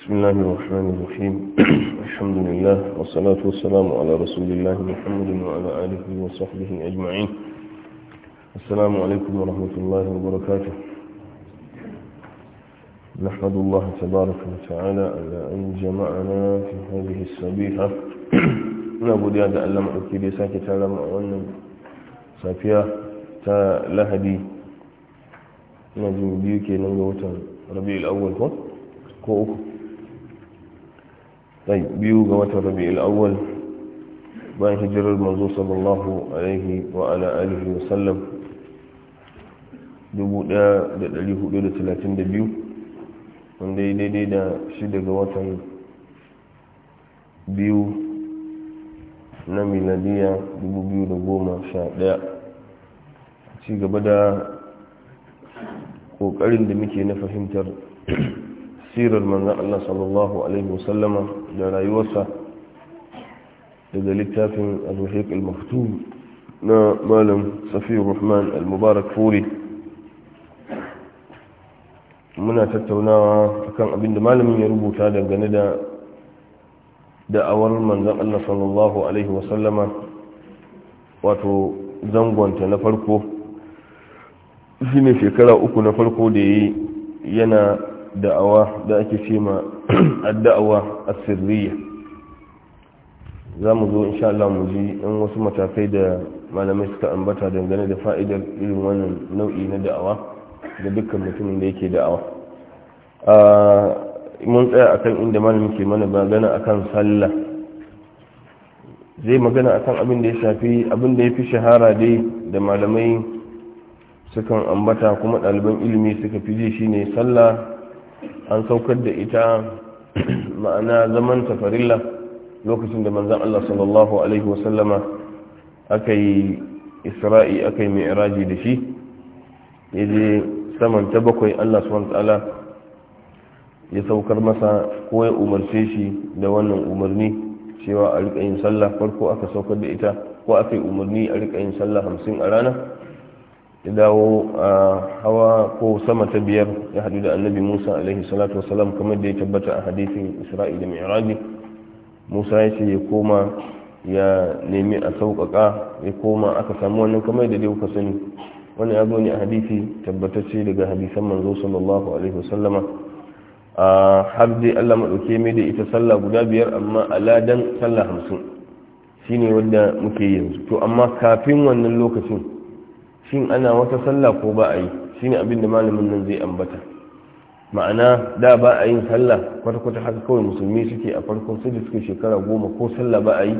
بسم الله الرحمن الرحيم الحمد لله والصلاة والسلام على رسول الله محمد وعلى آله وصحبه أجمعين السلام عليكم ورحمة الله وبركاته نحمد الله تبارك وتعالى على أن جمعنا في هذه الصبيحة نعبد يا دعلم أكيد ساكي تعلم أن سافيا تا لهدي نجم بيوكي نجوة ربيع الأول هو ko طيب بيوغا وتربيع rabi بان هجر hijirar صلى الله عليه وعلى آله وسلم دبو دا دليه دا من دي دي دي دا na miladiya بيو ci gaba da kokarin da muke na fahimtar sirar manzan Allah sallallahu Alaihi wasallama da rayuwarsa daga littafin al-ruhiq al-maktum na malam safiyar rahman al-mubarak furi muna tattaunawa kan abin da malamin ya rubuta dangane da da'awar manzan Allah sallallahu Alaihi wasallama wato zangonta na farko shi ne shekara uku na farko da yi yana da'awa da ake ce ma adda'awa a sirriya za mu zo insha Allah mu ji in wasu matakai da malamai suka ambata dangane da fa'idar irin wannan nau'i na da'awa da dukkan mutumin da yake da'awa mun tsaya akan inda malamin ke mana magana akan sallah zai magana akan abin da ya shafi abin da ya fi shahara dai da malamai sukan ambata kuma ɗaliban ilimi suka fi ji shine sallah an saukar da ita ma'ana zaman tafarilla lokacin da manzan Allah sallallahu Alaihi wasallama aka yi isra'i aka yi mai da shi ya je saman ta bakwai Allah ta'ala ya saukar masa ko ya umarce shi da wannan umarni cewa a riƙa yin sallah farko aka saukar da ita ko aka yi umarni a riƙa yin sallah hamsin a rana ya dawo a hawa ko sama ta biyar ya hadu da annabi musa alaihi salatu wasalam kamar da ya tabbata a hadisin isra'i da mi'raji musa ya ce ya koma ya nemi a sauƙaƙa ya koma aka samu wannan kamar da dai kuka sani wani ya zo ne a hadisi tabbatacce daga hadisan manzo sallallahu alaihi wasallama a har dai allah maɗauke mai da ita sallah guda biyar amma a ladan sallah hamsin shine wadda muke yanzu to amma kafin wannan lokacin shin ana wata sallah ko ba a yi shi ne abinda malamin nan zai ambata ma'ana da ba a yin sallah kwata-kwata haka kawai musulmi suke a farkon su da suke shekara goma ko sallah ba a yi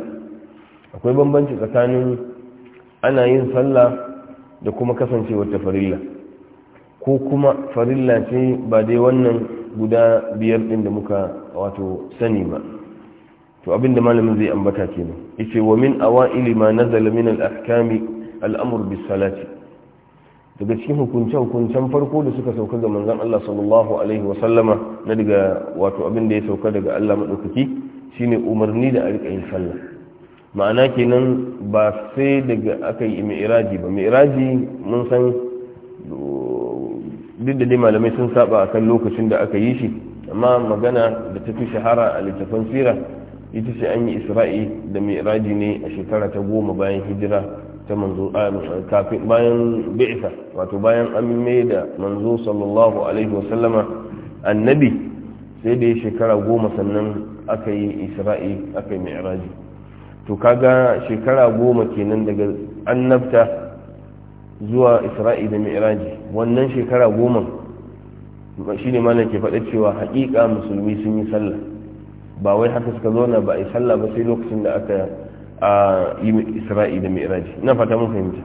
akwai bambanci tsakanin ana yin sallah da kuma kasancewar ta farilla ko kuma farilla ce ba dai wannan guda biyar ɗin da muka wato sani ba to abinda malamin zai ambata kenan yace wa min awaili ma nazala min al-ahkami al amru bis salati daga cikin hukunce-hukuncen farko da suka sauka ga manzan Allah sallallahu Alaihi wasallama na daga wato abin da ya sauka daga Allah maɗaukaki shine umarni da a riƙa yin sallah ma'ana kenan ba sai daga aka yi mi'iraji ba mi'iraji mun san duk da dai malamai sun saba a kan lokacin da aka yi shi amma magana da ta fi shahara a littafin sira ita ce an yi isra'i da mi'iraji ne a shekara ta goma bayan hijira ta manzo kafin bayan bi'isa wato bayan an da manzo sallallahu alaihi wa sallama annabi sai da ya shekara goma sannan aka yi isra'i aka yi mi'raji to kaga shekara goma kenan daga annabta zuwa isra'i da mi'raji wannan shekara goma shi ne mana ke faɗa cewa haƙiƙa musulmi sun yi sallah ba wai haka suka zauna ba a yi sallah ba sai lokacin da aka a yi isra'i da mi'raji na fata mun fahimta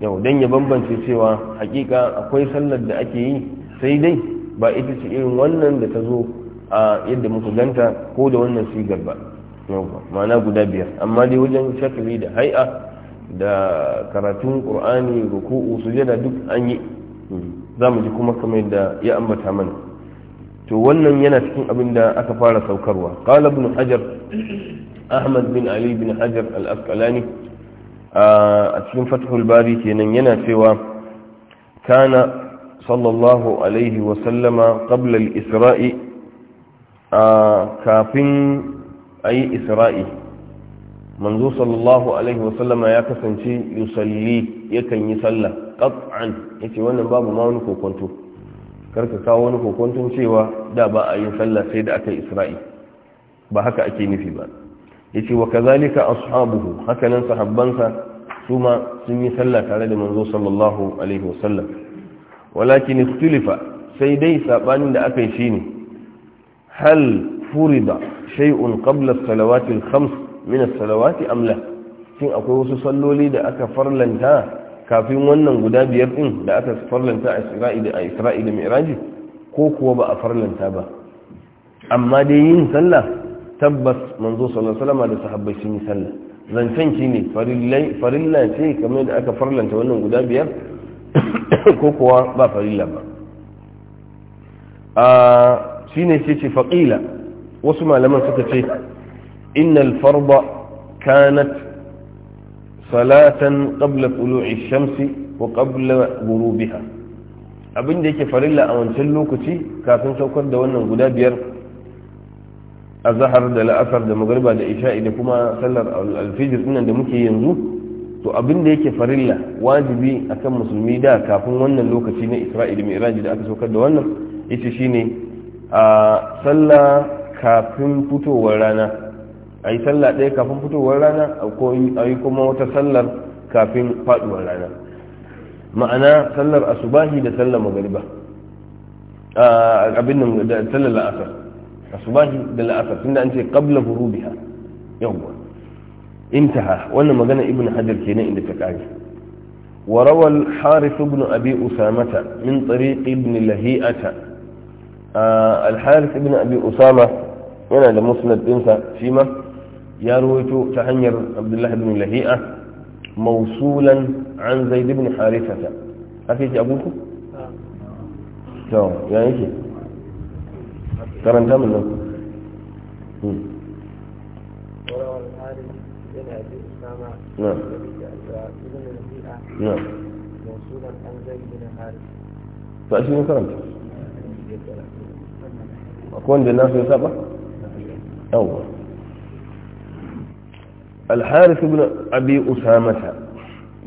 yau don ya bambance cewa hakika akwai sallar da ake yi sai dai ba ita ce irin wannan da ta zo a yadda muka ganta ko da wannan sigar ba yau ma'ana guda biyar amma dai wajen shakali da hai'a da karatun qur'ani ruku'u sujada duk an yi za mu ji kuma kamar da ya ambata mana to wannan yana cikin abin da aka fara saukarwa qala ibn hajar ahmad bin ali bin hajar al-asqalani a cikin fathul bari kenan yana cewa kana sallallahu alaihi wasallama qabla israi kafin ayi isra'i manzo sallallahu alaihi wasallama ya kasance yusalli yakan yi sallah qat'an yace wannan babu ma wani kokonto karka kawo wani kokonton cewa da ba a yin sallah sai da aka isra'i ba haka ake nufi ba yace wa kazalika ashabuhu hakanan sahabbansa su ma sun yi sallah tare da manzo sallallahu alaihi wasallam walakin ikhtilafa sai dai sabanin da aka yi shine hal furida shay'un qabla as-salawati al-khams min as-salawati am la shin akwai wasu salloli da aka farlanta kafin wannan guda biyar din da aka farlanta a Isra'i da Isra'i da Mi'raj ko kuwa ba a farlanta ba amma dai yin sallah tabbas manzo sallallahu da sahabbai sun yi sallah zancen shi ne farilla ce kamar da aka farlanta wannan guda biyar ko kuwa ba farilla ba a ah, shi ne ce ce faƙila wasu malaman suka ce innal farba kanat salatan qabla tulu'i shamsi wa qabla gurubiha abin da yake farilla a wancan lokaci kafin saukar da wannan guda biyar azhar da la'asar da magariba da isha'i da kuma sallar alfijir dinnan da muke yanzu to abin da yake farilla wajibi akan musulmi da kafin wannan lokaci na isra'ila mi'raji da aka saukar da wannan yace shine a sallah kafin fitowar rana ayi sallah ɗaya kafin fitowar rana ayi kuma wata sallar kafin faduwar rana ma'ana sallar asubahi da sallar magariba abin da sallar la'asar asubahi da la'asar da an ce qabla ghurubiha yawwa intaha wannan magana ibn hajar kenan inda ta kare warawal rawal harith ibn abi usamata min tariq ibn lahi'ata ah, al harith ibn abi usama yana da musnad dinsa shi ma ya rawaito ta hanyar abdullahi ibn lahi'a mawsulan an zaid ibn harithata haka yake abuku ah. to ya yake karanta min nan ta shi ne karanta akwai wanda na su ya saba? yawon alharis ibn abi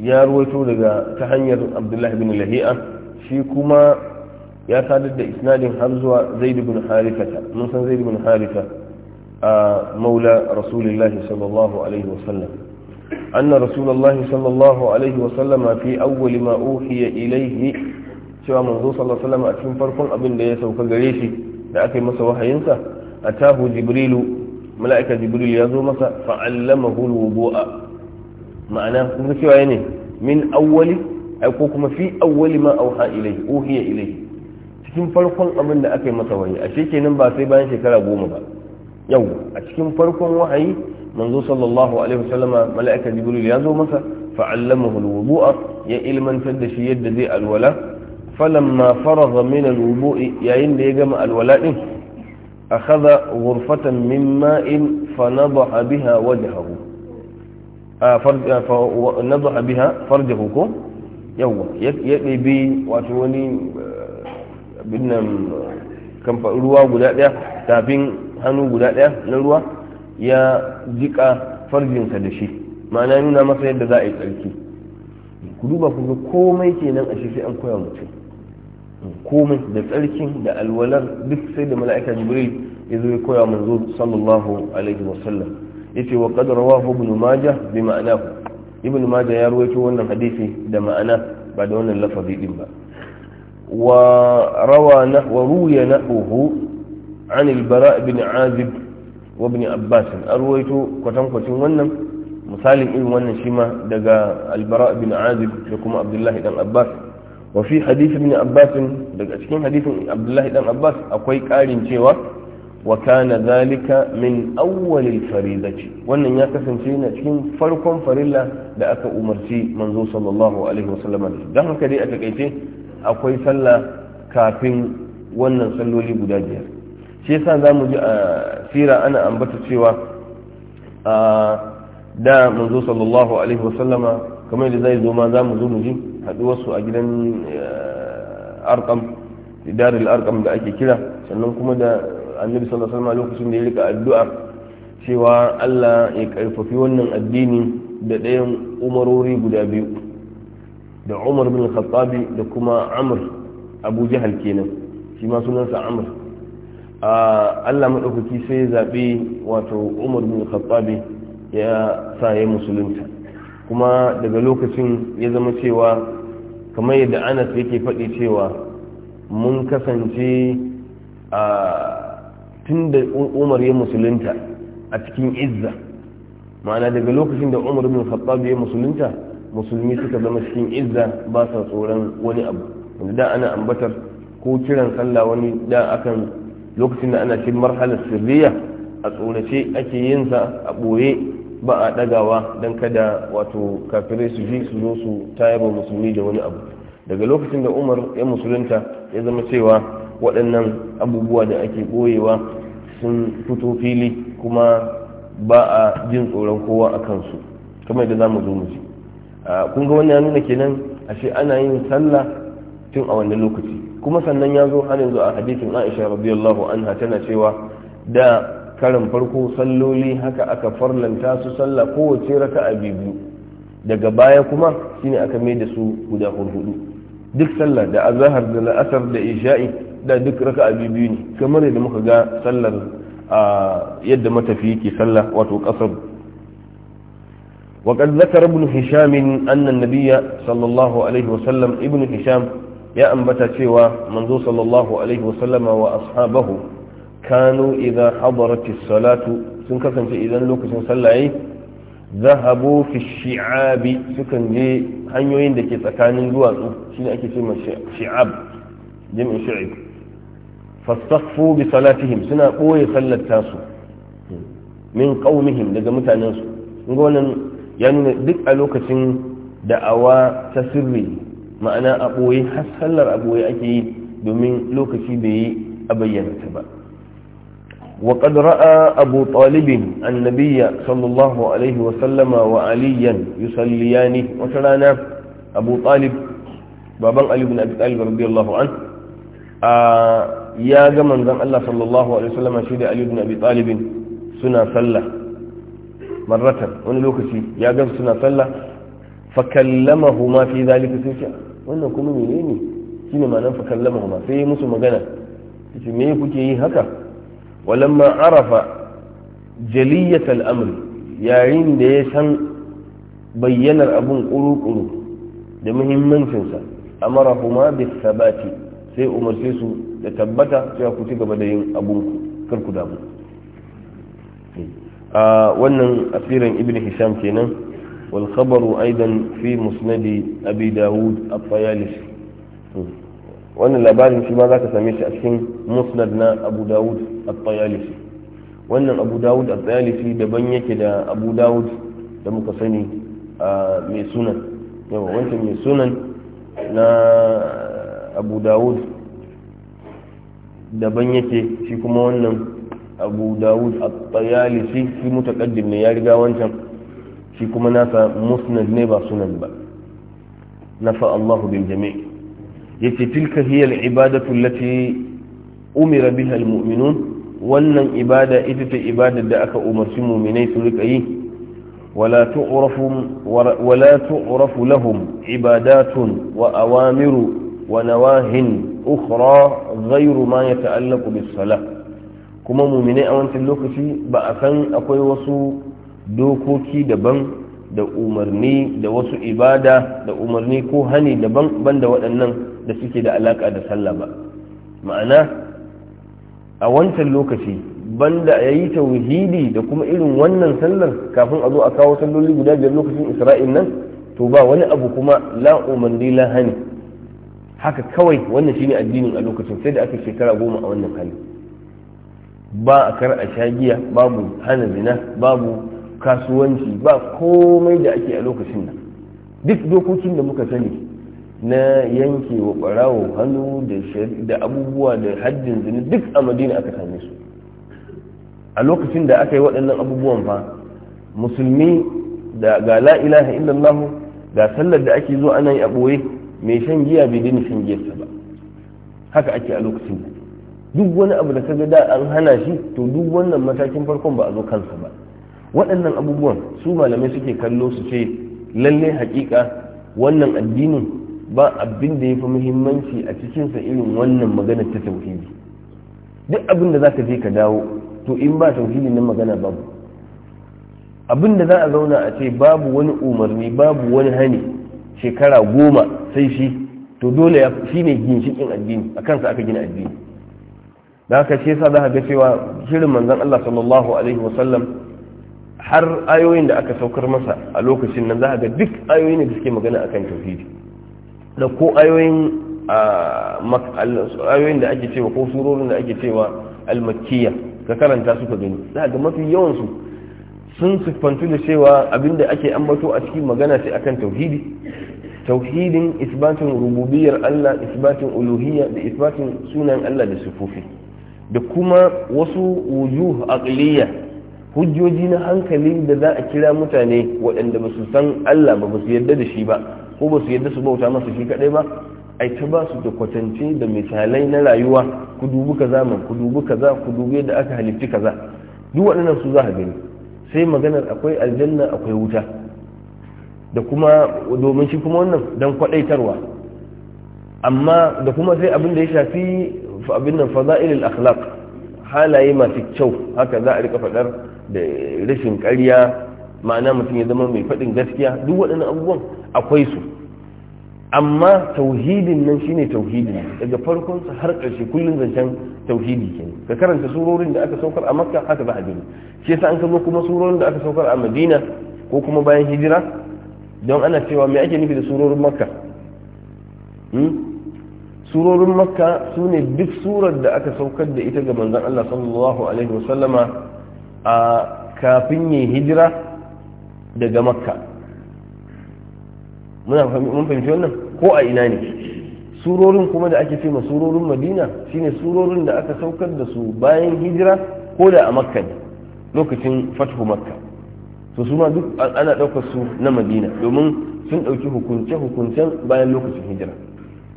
ya ruwaito daga ta hanyar abdullahi bin lahi'a shi kuma ya sadar da isnadin har zuwa zaid ibn harithata mun san zaid ibn haritha a maula rasulullahi sallallahu alaihi wasallam anna rasulullahi sallallahu alaihi wasallama fi awwal ma uhiya ilayhi cewa manzo sallallahu alaihi wasallam a cikin farkon abin da ya sauka gare shi da aka yi masa wahayinsa atahu jibrilu mala'ika jibril ya zo masa fa'allamahu alwudu'a ma'ana kun cewa ne min awwali ko kuma fi awwali ma auha ilayhi uhiya ilayhi cikin farkon abin da aka yi masa wahayi a kenan ba sai bayan shekara goma ba yau a cikin farkon wahayi manzo sallallahu alaihi wasallama mala'ika jibril ya zo masa fa'allamahu alwudu'a ya ilmantar da shi yadda zai alwala falamma faragha min alwudu'i yayin da ya gama alwala din akhadha ghurfatan min ma'in fanadha biha wajhahu fa biha farjahu ko ya ɗebi wato wani nan kamfan ruwa guda daya tafin hannu guda daya na ruwa ya jika farjinsa da shi ma'ana nuna masa yadda za a yi tsarki ku duba ku ga komai kenan a shi sai an koya mutum komai da tsarkin da alwalar duk sai da mala'ika jibril ya zo ya koya manzo sallallahu alaihi wasallam yace wa qad rawahu ibn majah bi ma'anahu ibn majah ya rawaito wannan hadisi da ma'ana ba da wannan lafazi din ba وروى نحو وروي نحوه عن البراء بن عازب وابن عباس أرويت كتم كتم ونم مثال إن ونم شما دقى البراء بن عازب لكم عبد الله بن عباس وفي حديث ابن عباس دقى شكين حديث عبد الله بن عباس أقوي كارين شوى وكان ذلك من أول الفريضة وأن يكفن فينا شكين فرق فريلا لأك أمرتي منذ صلى الله عليه وسلم دعنا كذلك أتكيتين akwai sallah kafin wannan salloli guda biyar shi yasa za mu ji a sira ana ambata cewa da manzo sallallahu alaihi wasallama kamar da zai zo ma za mu zo mu ji haɗuwarsu a gidan eh, arkam daril arkam da ake kira sannan kuma da annabi sallallahu alaihi wasallama lokacin da ya rika addu'a cewa Allah ya karfafi wannan addini da ɗayan umarori guda biyu da umar bin khattabi da kuma amr abu jahal kenan shi ma sunansa amr allah maɗaukaki sai ya zaɓi wato umar bin khattabi ya sa ya musulunta kuma daga lokacin ya zama cewa kamar yadda anas yake faɗi cewa mun kasance a tun da umar ya musulunta a cikin izza ma'ana daga lokacin da umar bin khattabi ya musulunta musulmi suka zama cikin izza ba sa tsoron wani abu wanda da ana ambatar ko kiran sallah wani da akan lokacin da ana cikin marhalar sirriya a tsorace ake yin sa a boye ba a dagawa don kada wato kafirai su ji su zo su tayarwa musulmi da wani abu daga lokacin da umar ya musulunta ya zama cewa waɗannan abubuwa da ake ɓoyewa sun fito fili kuma ba a jin tsoron kowa a kansu kamar da za mu zo mu ji Ah, kun ga wannan ya nuna kenan ashe ana yin sallah tun a wannan lokaci kuma sannan ya zo har yanzu a hadisin Aisha radiyallahu anha tana cewa da karin farko salloli haka aka farlanta su sallah kowace a biyu daga baya kuma shine aka mai da su guda hudu duk sallah da azhar da la'asar da isha'i da duk a biyu ne kamar yadda muka ga sallar ah, yadda matafi yake sallah wato kasar وقد ذكر ابن هشام أن النبي صلى الله عليه وسلم ابن هشام يا أنبت سوى منذ صلى الله عليه وسلم وأصحابه كانوا إذا حضرت الصلاة سنكسن في إذن لوك سنسلعي ذهبوا في الشعاب سكن جي hanyoyin da ke tsakanin duwatsu shine ake ce ma shi'ab jami'in shi'ib fastaghfu bi salatihim suna boye sallar tasu min qaumihim daga mutanensu ga wannan ya duk a lokacin da'awa ta sirri ma'ana a har sallar a ake yi domin lokaci da yi a bayyanta ba wa qad ra'a abu talibin annabiyya sallallahu alaihi wa sallama wa aliyan yusalliyani wata rana abu talib baban ali ibn abi talib radiyallahu an ya ga manzon Allah sallallahu alaihi wa sallama shi da ali ibn abi suna sallah marratan wani lokaci ya gan suna sallah fa kallamahu ma fi zalika sai ce wannan kuma menene shine ma'anar fa kallamahu ma sai ya musu magana ce me kuke yi haka walamma arafa jaliyat al-amr yayin da ya san bayyanar abun kuru-kuru da muhimmancinsa amarahuma bi sabati sai umarce su da tabbata cewa ku ci gaba da yin abun karku ku damu wannan asirin ibn hisham kenan wal khabaru aidan fi musnadi abi dawud at wannan labarin shi ma zaka same shi a cikin musnad na abu dawud at wannan abu dawud at-tayalisi daban yake da abu dawud da muka sani mai sunan yawa wancan mai sunan na abu dawud daban yake shi kuma wannan abu dawud a tsayalisi shi mutakaddim ne ya riga wancan shi kuma nasa musnad ne ba sunan ba nafa allahu bil jami' ce tilka hiyar ibadatu allati umira biha mu'minun wannan ibada ita ta ibadar da aka umarci mu'minai su rika yi ولا تعرف ولا تعرف لهم عبادات وأوامر ونواه أخرى غير ما يتعلق بالصلاة kuma muminai a wancan lokaci ba a san akwai wasu dokoki daban da umarni da wasu ibada da umarni ko hani daban banda waɗannan da suke da alaƙa da sallah ba ma'ana a wancan lokaci banda ya yi tauhidi da kuma irin wannan sallar kafin a zo a kawo salloli guda biyar lokacin isra'il nan to ba wani abu kuma la umarni la hani haka kawai wannan shine addinin a lokacin sai da aka shekara goma a wannan hali ba a kar a sha giya babu hana zina babu kasuwanci ba komai da ake a lokacin nan duk dokokin da muka sani na yanke wa barawo hannu da abubuwa da haddin zina duk a madina aka same su a lokacin da aka yi waɗannan abubuwan fa musulmi da ga la ilaha illallah ga sallar da ake zo ana yi a ɓoye mai shan giya bai dini shan giyarsa ba haka ake a lokacin duk wani abu da ka ga da an hana shi to duk wannan matakin farkon ba a zo kansa ba waɗannan abubuwan su malamai suke kallo su ce lalle haƙiƙa wannan addinin ba abin da ya fi muhimmanci a cikinsa irin wannan magana ta tauhidi duk abin da za ka je ka dawo to in ba tauhidi na magana babu abin da za a zauna a ce babu wani umarni babu wani hani shekara goma sai shi to dole shi ne ginshikin addini a kansa aka gina addini da aka ce sa za ga cewa shirin manzon Allah sallallahu alaihi wasallam har ayoyin da aka saukar masa a lokacin nan za ga duk ayoyin da suke magana akan tauhidi da ko ayoyin da ake cewa ko surorin da ake cewa almakiya ka karanta su ka gani za ga mafi yawan sun siffantu da cewa abin da ake ambato a cikin magana sai akan tauhidi tauhidin isbatin rububiyar Allah isbatin uluhiyya da isbatin sunan Allah da sufufi da kuma wasu wujuh aqliya hujjoji na hankali da za a kira mutane waɗanda ba su san Allah ba ba su yarda da shi ba ko ba su yarda su bauta masa shi kadai ba ai ta ba su da kwatance da misalai na rayuwa ku dubi kaza man ku dubi kaza ku dubi yadda aka halitta kaza duk waɗannan su za a gani sai maganar akwai aljanna akwai wuta da kuma domin shi kuma wannan dan kwadaitarwa amma da kuma sai abin da ya shafi abin nan faza'ilul akhlaq halaye masu kyau haka za a rika fadar da rashin ƙarya ma'ana mutum ya zama mai faɗin gaskiya duk waɗannan abubuwan akwai su amma tauhidin nan shine tauhidi daga farkon sa har ƙarshe kullun zancen tauhidi ke ka karanta surorin da aka saukar a makka haka za a gani shi yasa an kazo kuma surorin da aka saukar a madina ko kuma bayan hijira don ana cewa me ake nufi da surorin makka hmm? surorin makka su ne duk surar da aka saukar da ita ga manzan Allah sallallahu alaihi wasallama a kafin yin hijira daga makka mun fahimci wannan ko a ina ne surorin kuma da ake ce surorin madina shi ne surorin da aka saukar da su bayan hijira ko da a makka ne lokacin fathu makka to su ma duk ana ɗaukar su na madina domin sun ɗauki hukunce-hukuncen bayan lokacin hijira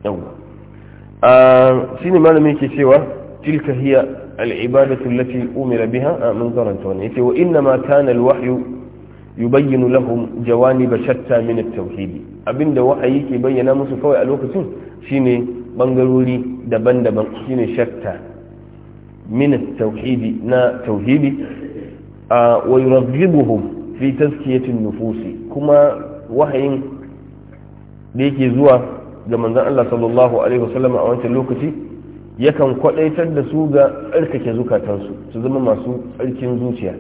yawwa shine malami yake cewa tilka hiya al'ibadatu allati umira biha a mun karanta wannan yace wa inna ma kana al-wahyu yubayyinu lahum jawanib shatta min at-tauhid abinda wahayi ke bayyana musu kawai a lokacin shine bangarori daban-daban shine shatta min at-tauhid na tauhidi wa yurabbibuhum fi tazkiyati an-nufus kuma wahayin da yake zuwa ga manzon Allah sallallahu alaihi wasallam a wancan lokaci yakan kwadaitar da su ga tsarkake zukatansu su zama masu tsarkin zuciya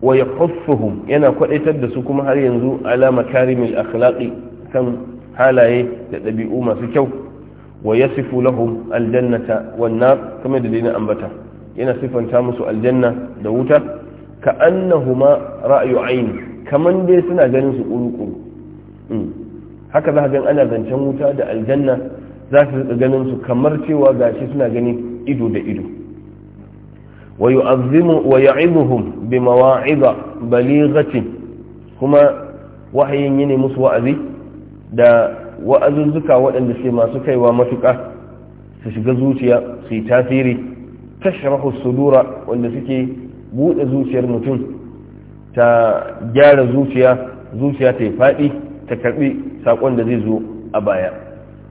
wa yahuffuhum yana kwadaitar da su kuma har yanzu ala makarimil akhlaqi kan halaye da ɗabi'u masu kyau wa yasifu lahum aljannata wannan kamar da daina ambata yana sifanta musu aljanna da wuta ka annahuma ra'ayu aini kamande dai suna ganin su kuru-kuru hmm. haka za a gan ana zancen wuta da aljanna za su rika ganin su kamar cewa gashi suna ganin ido da ido wa yu'azzimu wa ya'iduhum bi mawa'iza balighatin kuma wahayin yini musu wa'azi da wa'azuzzuka waɗanda sai masu kaiwa matuƙa su shiga zuciya su yi tasiri tashrahu sudura wanda suke buɗe zuciyar mutum ta gyara zuciya zuciya ta yi faɗi ta karɓi sakon da zai zo a baya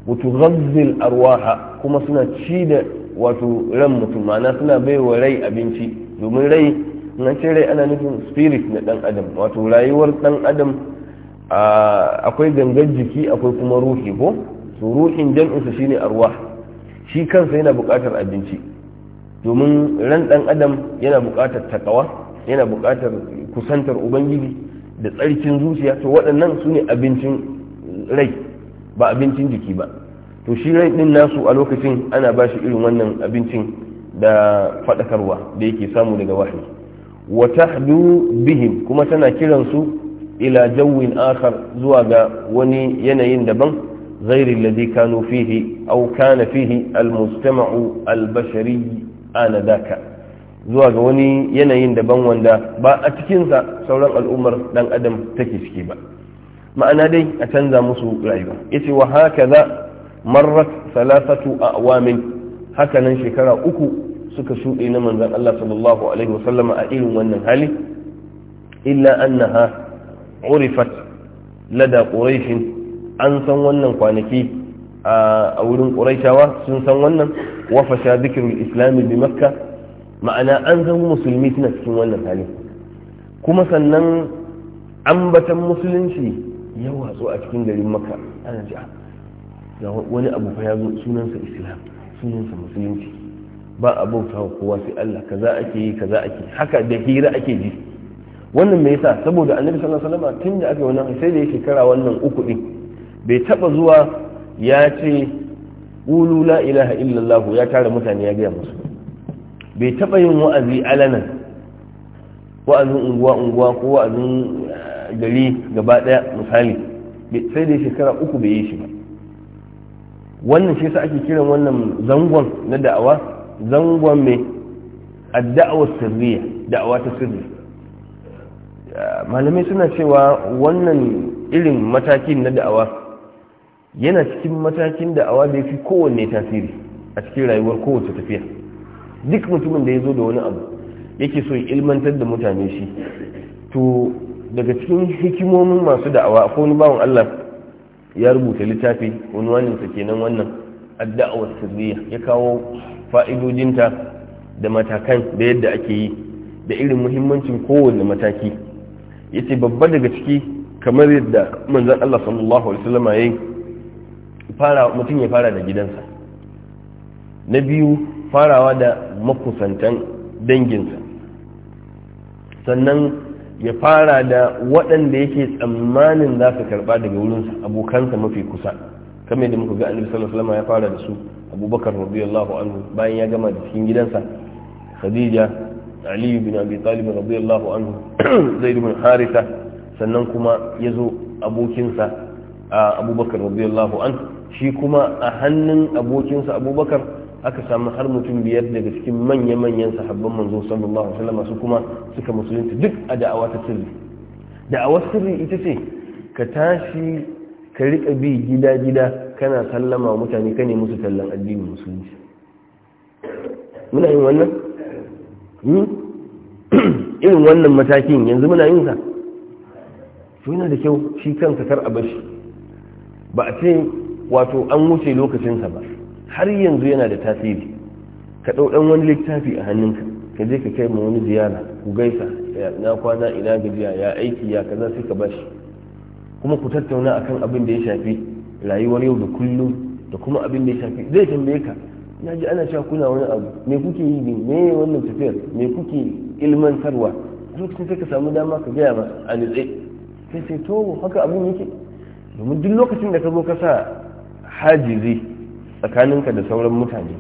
wato ghazzil arwaha kuma suna ci da wato ran mutum ma'ana suna baiwa rai abinci domin rai na ce rai ana nufin spirit na dan adam wato rayuwar dan adam akwai gangar jiki akwai kuma ruhi ko su ruhin jam'insa shine arwa shi kansa yana buƙatar abinci domin ran ɗan adam yana buƙatar takawa yana buƙatar kusantar ubangiji da tsarkin zuciya to waɗannan su ne abincin rai ba abincin jiki ba to shi rai din nasu a lokacin ana ba shi irin wannan abincin da faɗakarwa da yake samu daga wahayi wa tahdu bihim kuma tana kiransu ila jawin akhar zuwa ga wani yanayin daban غير الذي kanu fihi aw kana fihi almustama'u albashari anadaka zuwa ga wani yanayin daban wanda ba a cikinsa sauran al'ummar dan adam take ciki ba ma'ana dai a canza musu rayuwa yace wa hakaza marrat salasatu awamin haka nan shekara uku suka shuɗe na manzan Allah sallallahu alaihi wasallama a irin wannan hali illa annaha urifat lada quraish an san wannan kwanaki a wurin quraishawa sun san wannan wa fasha dhikrul islam bi makkah ma'ana an san musulmi suna cikin wannan hali kuma sannan ambatan musulunci ya watsu a cikin garin maka ana ji ga wani abu fa ya zo sunansa islam sunansa musulunci ba a bauta wa kowa sai Allah kaza ake yi kaza ake haka da hira ake ji wannan me yasa saboda annabi sallallahu alaihi wasallam tun da aka wannan sai da yake shekara wannan uku din bai taba zuwa ya ce qulu la ilaha illallah ya tara mutane ya gaya musu bai taba yin wa'azi alanan wa'azin unguwa unguwa ko wa'azin gari gaba daya misali sai dai shekara uku bai yi shi ba wannan shi sa ake kiran wannan zangon na da'awa zangon mai adda'awar sirriya da'awa ta sirri malamai suna cewa wannan irin matakin na da'awa yana cikin matakin da'awa da ya fi kowanne tasiri a cikin rayuwar kowace tafiya duk mutumin da ya zo da wani abu yake so ilmantar da mutane shi to daga cikin hikimomin masu da'awa ko wani bawan Allah ya rubuta littafi wani unwaninsa kenan wannan adda'awar sirriya ya kawo fa'idodinta da matakan da yadda ake yi da irin muhimmancin kowanne mataki ya ce babba daga ciki kamar yadda manzan Allah sallallahu alaihi wasallam ya yi mutum ya fara da gidansa na biyu farawa da makusantan danginsa sannan ya fara da waɗanda yake tsammanin za su karɓa daga wurinsa abokansa mafi kusa kamar da muka ga annabi sallallahu alaihi ya fara da su abubakar radiyallahu anhu bayan ya gama da cikin gidansa khadija ali bin abi talib radiyallahu anhu zaid bin haritha sannan kuma ya zo abokinsa abubakar radiyallahu anhu shi kuma a hannun abokinsa abubakar aka samu har mutum biyar daga cikin manya-manyan sahabban manzo sallallahu alaihi wasallam su kuma suka musulunta duk a da'awa ta sirri da'awar sirri ita ce ka tashi ka riƙa bi gida-gida kana sallama wa mutane ka nemi musu tallan addinin musulunci muna yin wannan hmm? irin wannan matakin yanzu muna yin sa to yana da kyau shi kanka kar a bashi ba a ce wato an wuce lokacinsa ba har yanzu yana da tasiri ka ɗau ɗan wani littafi a hannunka ka je ka kai ma wani ziyara ku gaisa na kwana ina gajiya ya aiki ya kaza sai ka bashi kuma ku tattauna akan abin da ya shafi rayuwar yau da kullum da kuma abin da ya shafi zai tambaye ka na ji ana sha kuna wani abu me kuke yi ne me wannan tafiyar me kuke ilmantarwa lokacin sai ka samu dama ka gaya ma a nitse sai sai to haka abin yake domin duk lokacin da ka zo ka sa hajizi tsakaninka da sauran mutane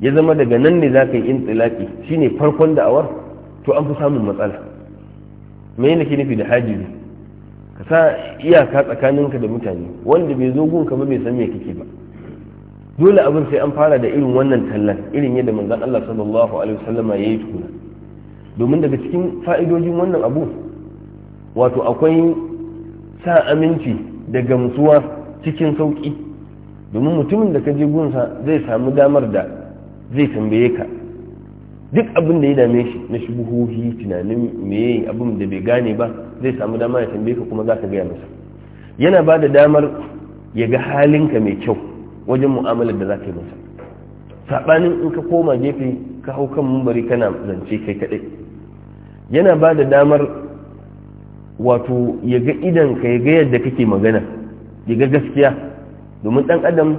ya zama daga nan ne za ka yi intilaki shine farkon da'awar to an fi samun matsala me yana ke nufi da hajibi ka sa iyaka tsakaninka da mutane wanda bai zo gunka ba bai san me kake ba dole abin sai an fara da irin wannan tallan irin yadda manzan Allah sallallahu alaihi wasallama yi tukuna domin daga cikin fa'idojin wannan abu wato akwai sa aminci da gamsuwa cikin sauki domin mutumin da ka je gunsa zai samu damar da zai tambaye ka duk abin da ya dame shi na shubuhohi tunanin meye abin da bai gane ba zai samu damar ya tambaye ka kuma za ka gaya masa yana ba da damar ya ga halinka mai kyau wajen mu'amalar da za ka yi masa saɓanin in ka koma gefe ka hau kan mumbari kana zance kai kaɗai yana ba da damar wato ya ga idanka ya ga yadda kake magana ya ga gaskiya domin ɗan adam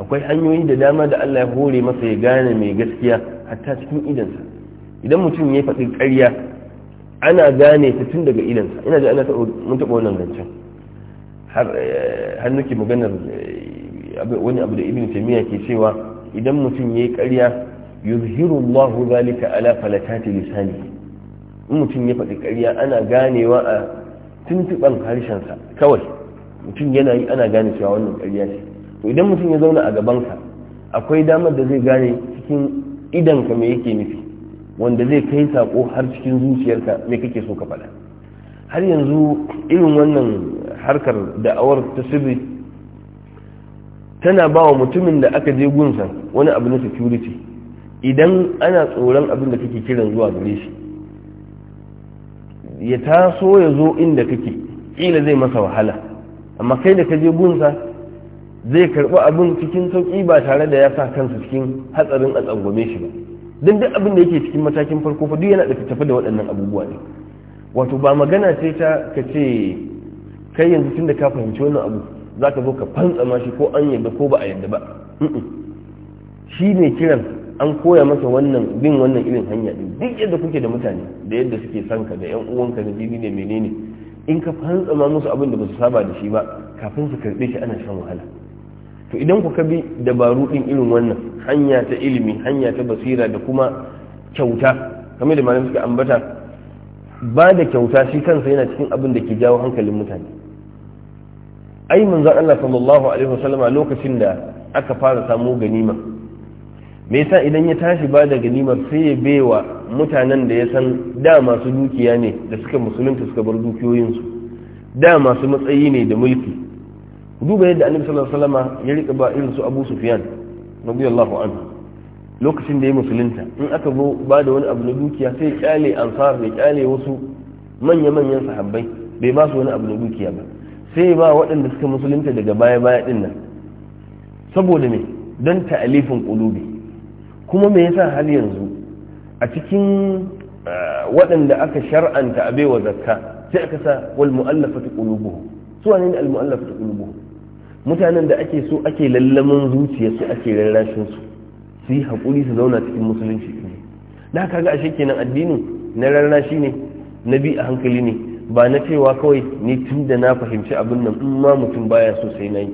akwai hanyoyi da dama da Allah ya hore masa ya gane mai gaskiya hatta cikin idansa idan mutum ya faɗi ƙarya ana gane ta tun daga idansa ina ji ana mun taɓa wannan rancen har eh, hannuki maganar eh, wani abu da ibn taymiya ke cewa idan mutum ya yi ƙarya yuzhiru Allahu zalika ala falatati lisani in mutum ya faɗi ƙarya ana ganewa a tuntuɓan harshensa kawai mutum yana yi ana gane cewa wannan ƙarya ce to idan mutum ya zauna a gaban ka akwai damar da zai gane cikin idanka me yake nufi wanda zai kai sako har cikin zuciyarka me kake so ka faɗa har yanzu irin wannan harkar da'awar ta sirri tana ba wa mutumin da aka je gunsa wani abu na security idan ana tsoron abin da kake kiran zuwa gare shi ya taso ya zo inda kake ƙila zai masa wahala amma kai da ka je gunsa zai karɓi abin cikin sauƙi ba tare da ya sa kansa cikin hatsarin a tsangwame shi ba don duk abin da yake cikin matakin farko fa duk yana da tafi da waɗannan abubuwa ne wato ba magana ce ta ka ce kai yanzu tun da ka fahimci wannan abu za ka zo ka fantsama shi ko an yadda ko ba a yadda ba shi ne kiran an koya masa wannan bin wannan irin hanya ɗin duk yadda kuke da mutane da yadda suke son ka da yan uwanka da jini ne menene in ka fi hantsama musu abin da ba su saba da shi ba kafin su karɓe shi ana shan wahala to idan ku ka bi dabaru ɗin irin wannan hanya ta ilimi hanya ta basira da kuma kyauta kamar da malam suka ambata ba da kyauta shi kansa yana cikin abin da ke jawo hankalin mutane ai manzon Allah sallallahu alaihi wasallama lokacin da aka fara samu ganima me yasa idan ya tashi ba da ganimar sai ya baiwa mutanen da ya san da masu dukiya ne da suka musulunta suka bar dukiyoyinsu da masu matsayi ne da mulki duba yadda annabi sallallahu alaihi wasallam ya rika ba irin su Abu Sufyan radiyallahu anhu lokacin da ya musulunta in aka zo ba da wani abu na dukiya sai ya kyale ansar ya kyale wasu manya-manyan sahabbai bai ba su wani abu na dukiya ba sai ya ba waɗanda suka musulunta daga baya-baya ɗin nan saboda me don ta'alifin ƙulubi kuma me yasa har yanzu a cikin eh, waɗanda aka shar'anta a baiwa zakka sai aka sa wal mu'allafatu qulubuhum su wane ne al ta qulubuhum mutanen da ake so ake lallaman su ake rarrashin su su yi haƙuri su zauna cikin musulunci ne da kaga ashe kenan addinin na rarrashi ne na bi a hankali ne ba na cewa kawai ni tun da na fahimci abin nan in ma mutum baya so sai na yi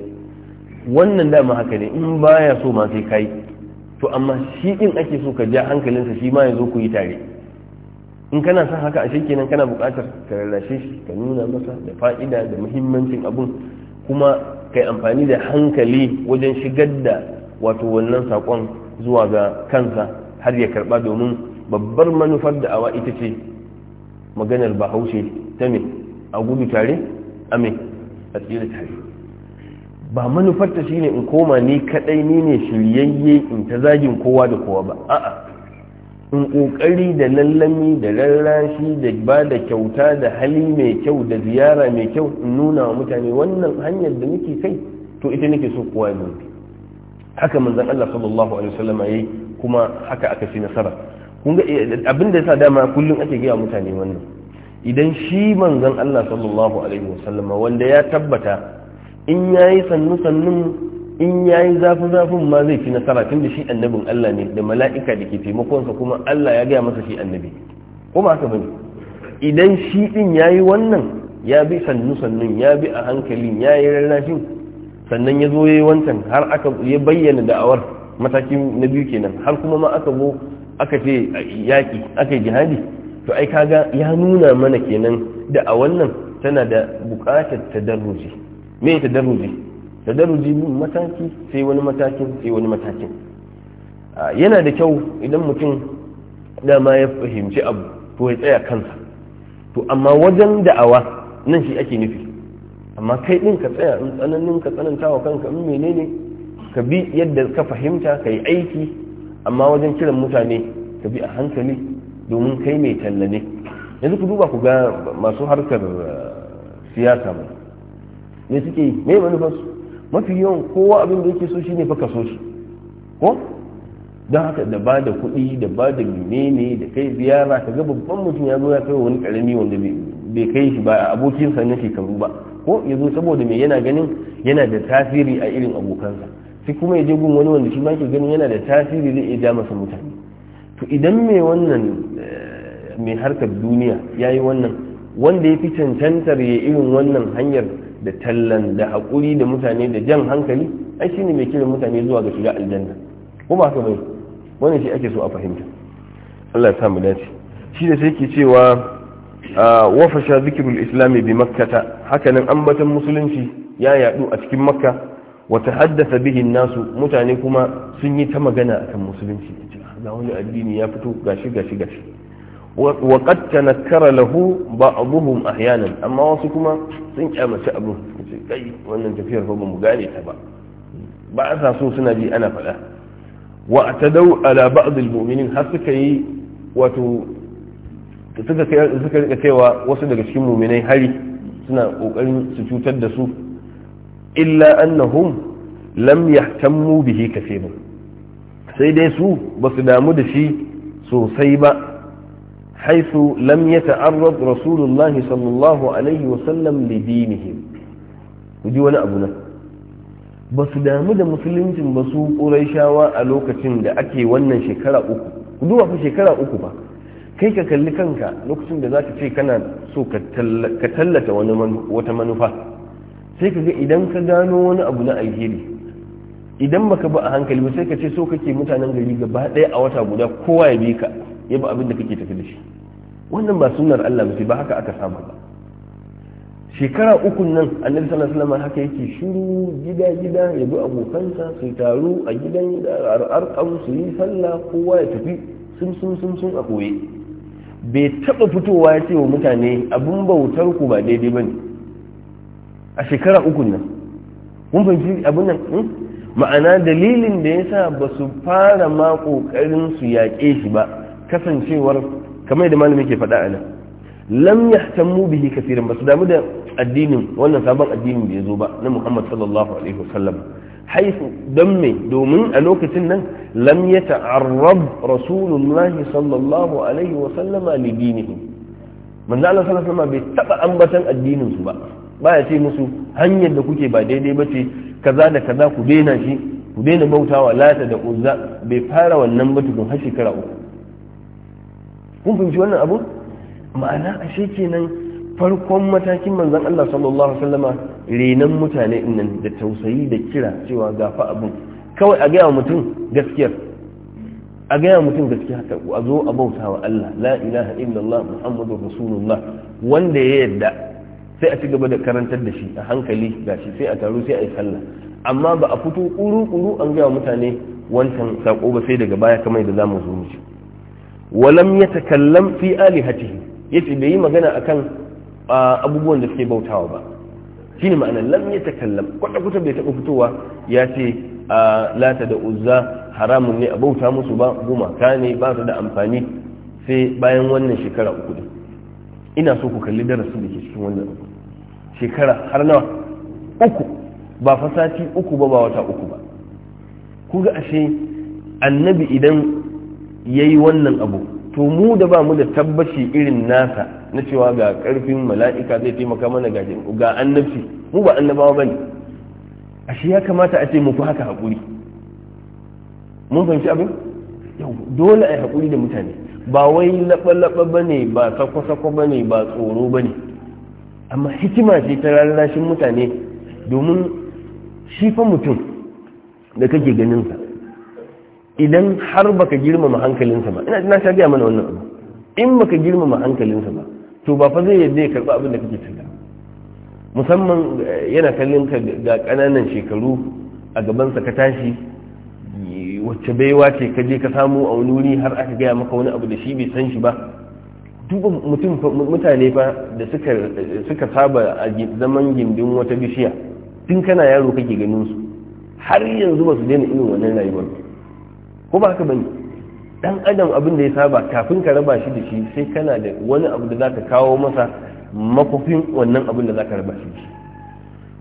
wannan dama haka ne in baya so ma sai kai to amma shi din ake so ka ja hankalinsa shi ma ya zo ku yi tare in kana son haka ashe kenan kana bukatar ka rarrashe shi ka nuna masa da fa'ida da muhimmancin abun kuma kai amfani da hankali wajen shigar da wato wannan sakon zuwa ga kansa har ya karba domin babbar manufar da awa ita ce maganar bahaushe ta me a gudu tare a me a tsira tare ba manufarta shi ne in koma ni kadai ni ne shiryayye in ta zagin kowa da kowa ba a'a in kokari da lallami da rarrashi da ba da kyauta da hali mai kyau da ziyara mai kyau in nuna wa mutane wannan hanyar da nake kai to ita nake so kowa ya haka manzon Allah sallallahu alaihi wasallam yayi kuma haka aka fi nasara kun ga eh, abin da yasa dama kullum ake gaya mutane wannan idan shi manzon Allah sallallahu alaihi wasallam wanda ya tabbata in yayi sannu sannun in yayi zafi zafin ma zai fi nasara tun da shi annabin Allah ne da mala'ika da ke taimakonsa kuma Allah ya gaya masa shi annabi kuma haka bane idan shi din yayi wannan ya bi sannu sannun ya bi a hankali ya yi rarrafin sannan ya zo ya yi wancan har aka ya bayyana da'awar matakin na biyu kenan har kuma ma aka zo aka ce yaƙi aka yi jihadi to ai kaga ya nuna mana kenan da a wannan tana da buƙatar tadarruji me ta daruji ta daruji mataki sai wani matakin sai wani matakin ah, yana da kyau idan mutum dama ya fahimci abu to ya tsaya kansa to amma wajen da'awa nan shi ake nufi amma kai din ka tsaya in tsananin ka tsananta kanka in menene ka bi yadda ka fahimta ka yi aiki amma wajen kiran mutane ka bi a hankali domin kai mai talla ne yanzu ku duba ku ga masu harkar ah, siyasa mai me suke yi me manufarsu mafi yawan kowa abin da yake so shi ne fa kaso su ko don haka da ba da kuɗi da ba da menene da kai ziyara ka ga babban mutum ya zo ya kai wani karami wanda bai kai shi ba abokinsa na shekaru ba ko ya zo saboda me yana ganin yana da tasiri a irin abokansa sai kuma ya je gun wani wanda shi ma ke ganin yana da tasiri zai iya ja masa mutane to idan mai wannan eh, mai harkar duniya ya yi wannan wanda ya fi cancantar ya irin wannan hanyar da tallan da haƙuri da mutane da jan hankali ai shine mai kiran mutane zuwa ga shiga aljanna ko ba haka bane wannan shi ake so a fahimta Allah ya sa mu dace shi da sai ke cewa ah, wa fasha zikrul islami bi makkata hakanan ambatan musulunci ya yadu a cikin makka wa tahaddatha bihi nasu mutane kuma sun yi ta magana akan musulunci ga wani addini ya fito gashi gashi gashi wa qad tanakkara lahu ba'dhum ahyanan amma wasu kuma sun ƙyamaci abin kai wannan tafiyar fa mu gane ta ba ba sa so suna ji ana faɗa wa atadau ala ba'd muminin har suka yi wato suka suka rika cewa wasu daga cikin mu'minai hari suna kokarin su cutar da su illa annahum lam yahtammu bihi kaseeran sai dai su basu damu da shi sosai ba حيث لم يتعرض رسول الله صلى الله عليه وسلم لدينهم ودي وانا ابونا بس damu da musuluncin ba su ƙuraishawa a lokacin da ake wannan shekara uku duba fa shekara uku ba kai ka kalli kanka lokacin da zaka ce kana so ka tallata wata manufa sai ka ga idan ka gano wani abu na alheri idan baka ba a hankali ba sai ka ce so kake mutanen gari gaba ɗaya a wata guda kowa ya bi ka ya ba abin da kake tafi da shi wannan ba sunar Allah mace ba haka aka saba ba shekara uku nan annabi sallallahu alaihi wasallam haka yake shiru gida gida ya bi abokansa su taru a gidan da arqam su yi sallah kowa ya tafi sun sun sun sun a koye bai taba fitowa ya ce wa mutane abun bautar ku ba daidai bane a shekara uku nan mun fahimci abun nan hmm? ma'ana dalilin da yasa ba su fara ma kokarin su yaƙe shi ba kasancewar kamar yadda malami ke faɗa a nan lam yahtammu bihi ba su damu da addinin wannan sabon addinin da ya zo ba na Muhammad sallallahu alaihi wasallam haifu don me domin a lokacin nan lam ya ta'arrab rasulullah sallallahu alaihi wasallam li dinihi manzo Allah sallallahu alaihi bai taba ambatan addinin su ba baya ce musu hanyar da kuke ba daidai ba ce kaza da kaza ku daina shi ku daina bautawa lata da uzza bai fara wannan ba tukun har shekara uku kun fahimci wannan abun ma'ana ashe nan farkon matakin manzon Allah sallallahu alaihi wasallama renan mutane nan da tausayi da kira cewa gafa abun kawai a gaya mutum gaskiyar a gaya mutum gaskiya ta a zo a bauta wa Allah la ilaha illallah muhammadu rasulullah wanda ya yadda sai a ci gaba da karantar da shi a hankali shi sai a taru sai a yi sallah amma ba a fito kuru kuru an gaya mutane wancan sako ba sai daga baya kamar da zamu zo mu ci walam ya takallam fi alihatihi yace bai yi magana kan abubuwan da suke bautawa ba shine ma'anar lam ya takallam kwata kuta bai taɓa fitowa ya ce lata da uzza haramun ne a bauta musu ba gumaka ne ba su da amfani sai bayan wannan shekara uku ne ina so ku kalli darasin da ke cikin wannan uku shekara har nawa uku ba fasati uku ba ba wata uku ba ku ga ashe annabi idan ya yi wannan abu to mu da ba mu da tabbaci irin nasa na cewa ga karfin mala'ika zai taimaka mana ga ga annabci mu ba annabawa ba ne a shi ya kamata a ce mu haka hakuri mun fahimci abin dole a yi hakuri da mutane ba wai laɓa-laɓa ba ne ba sako-sako ba ne ba tsoro ba ne amma hikima ce ta rarrashin mutane domin shi fa mutum da kake ganin sa. idan har baka girmama hankalinsa ba ina sha gaya mana wannan abu in baka girmama hankalinsa ba to ba fa zai yadda ya karɓi abin da kake cika? musamman eh, yana kallon ka ga ƙananan shekaru a gabansa ka tashi wacce baiwa ce ka je ka samu a wani wuri har aka gaya maka wani abu da shi bai san shi ba duba mutum mutane fa da suka suka saba a zaman gindin wata bishiya tun kana yaro kake ganin su har yanzu ba su daina irin wannan rayuwar ko ba haka bane dan adam abin da ya saba kafin ka raba shi da shi sai kana da wani abu da zaka kawo masa makofin wannan abin da zaka raba shi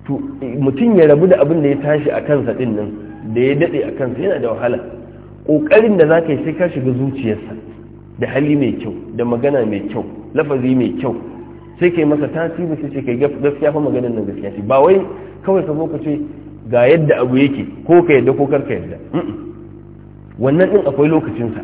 to mutum ya rabu da abin da ya tashi a kansa din nan da ya dade a kansa yana da wahala kokarin da zaka yi sai ka shiga zuciyarsa da hali mai kyau da magana mai kyau lafazi mai kyau sai kai masa tasiri sai ce kai gaskiya fa maganar nan gaskiya ce ba wai kawai ka zo ka ce ga yadda abu yake ko ka yadda ko karka yadda wannan din akwai lokacinsa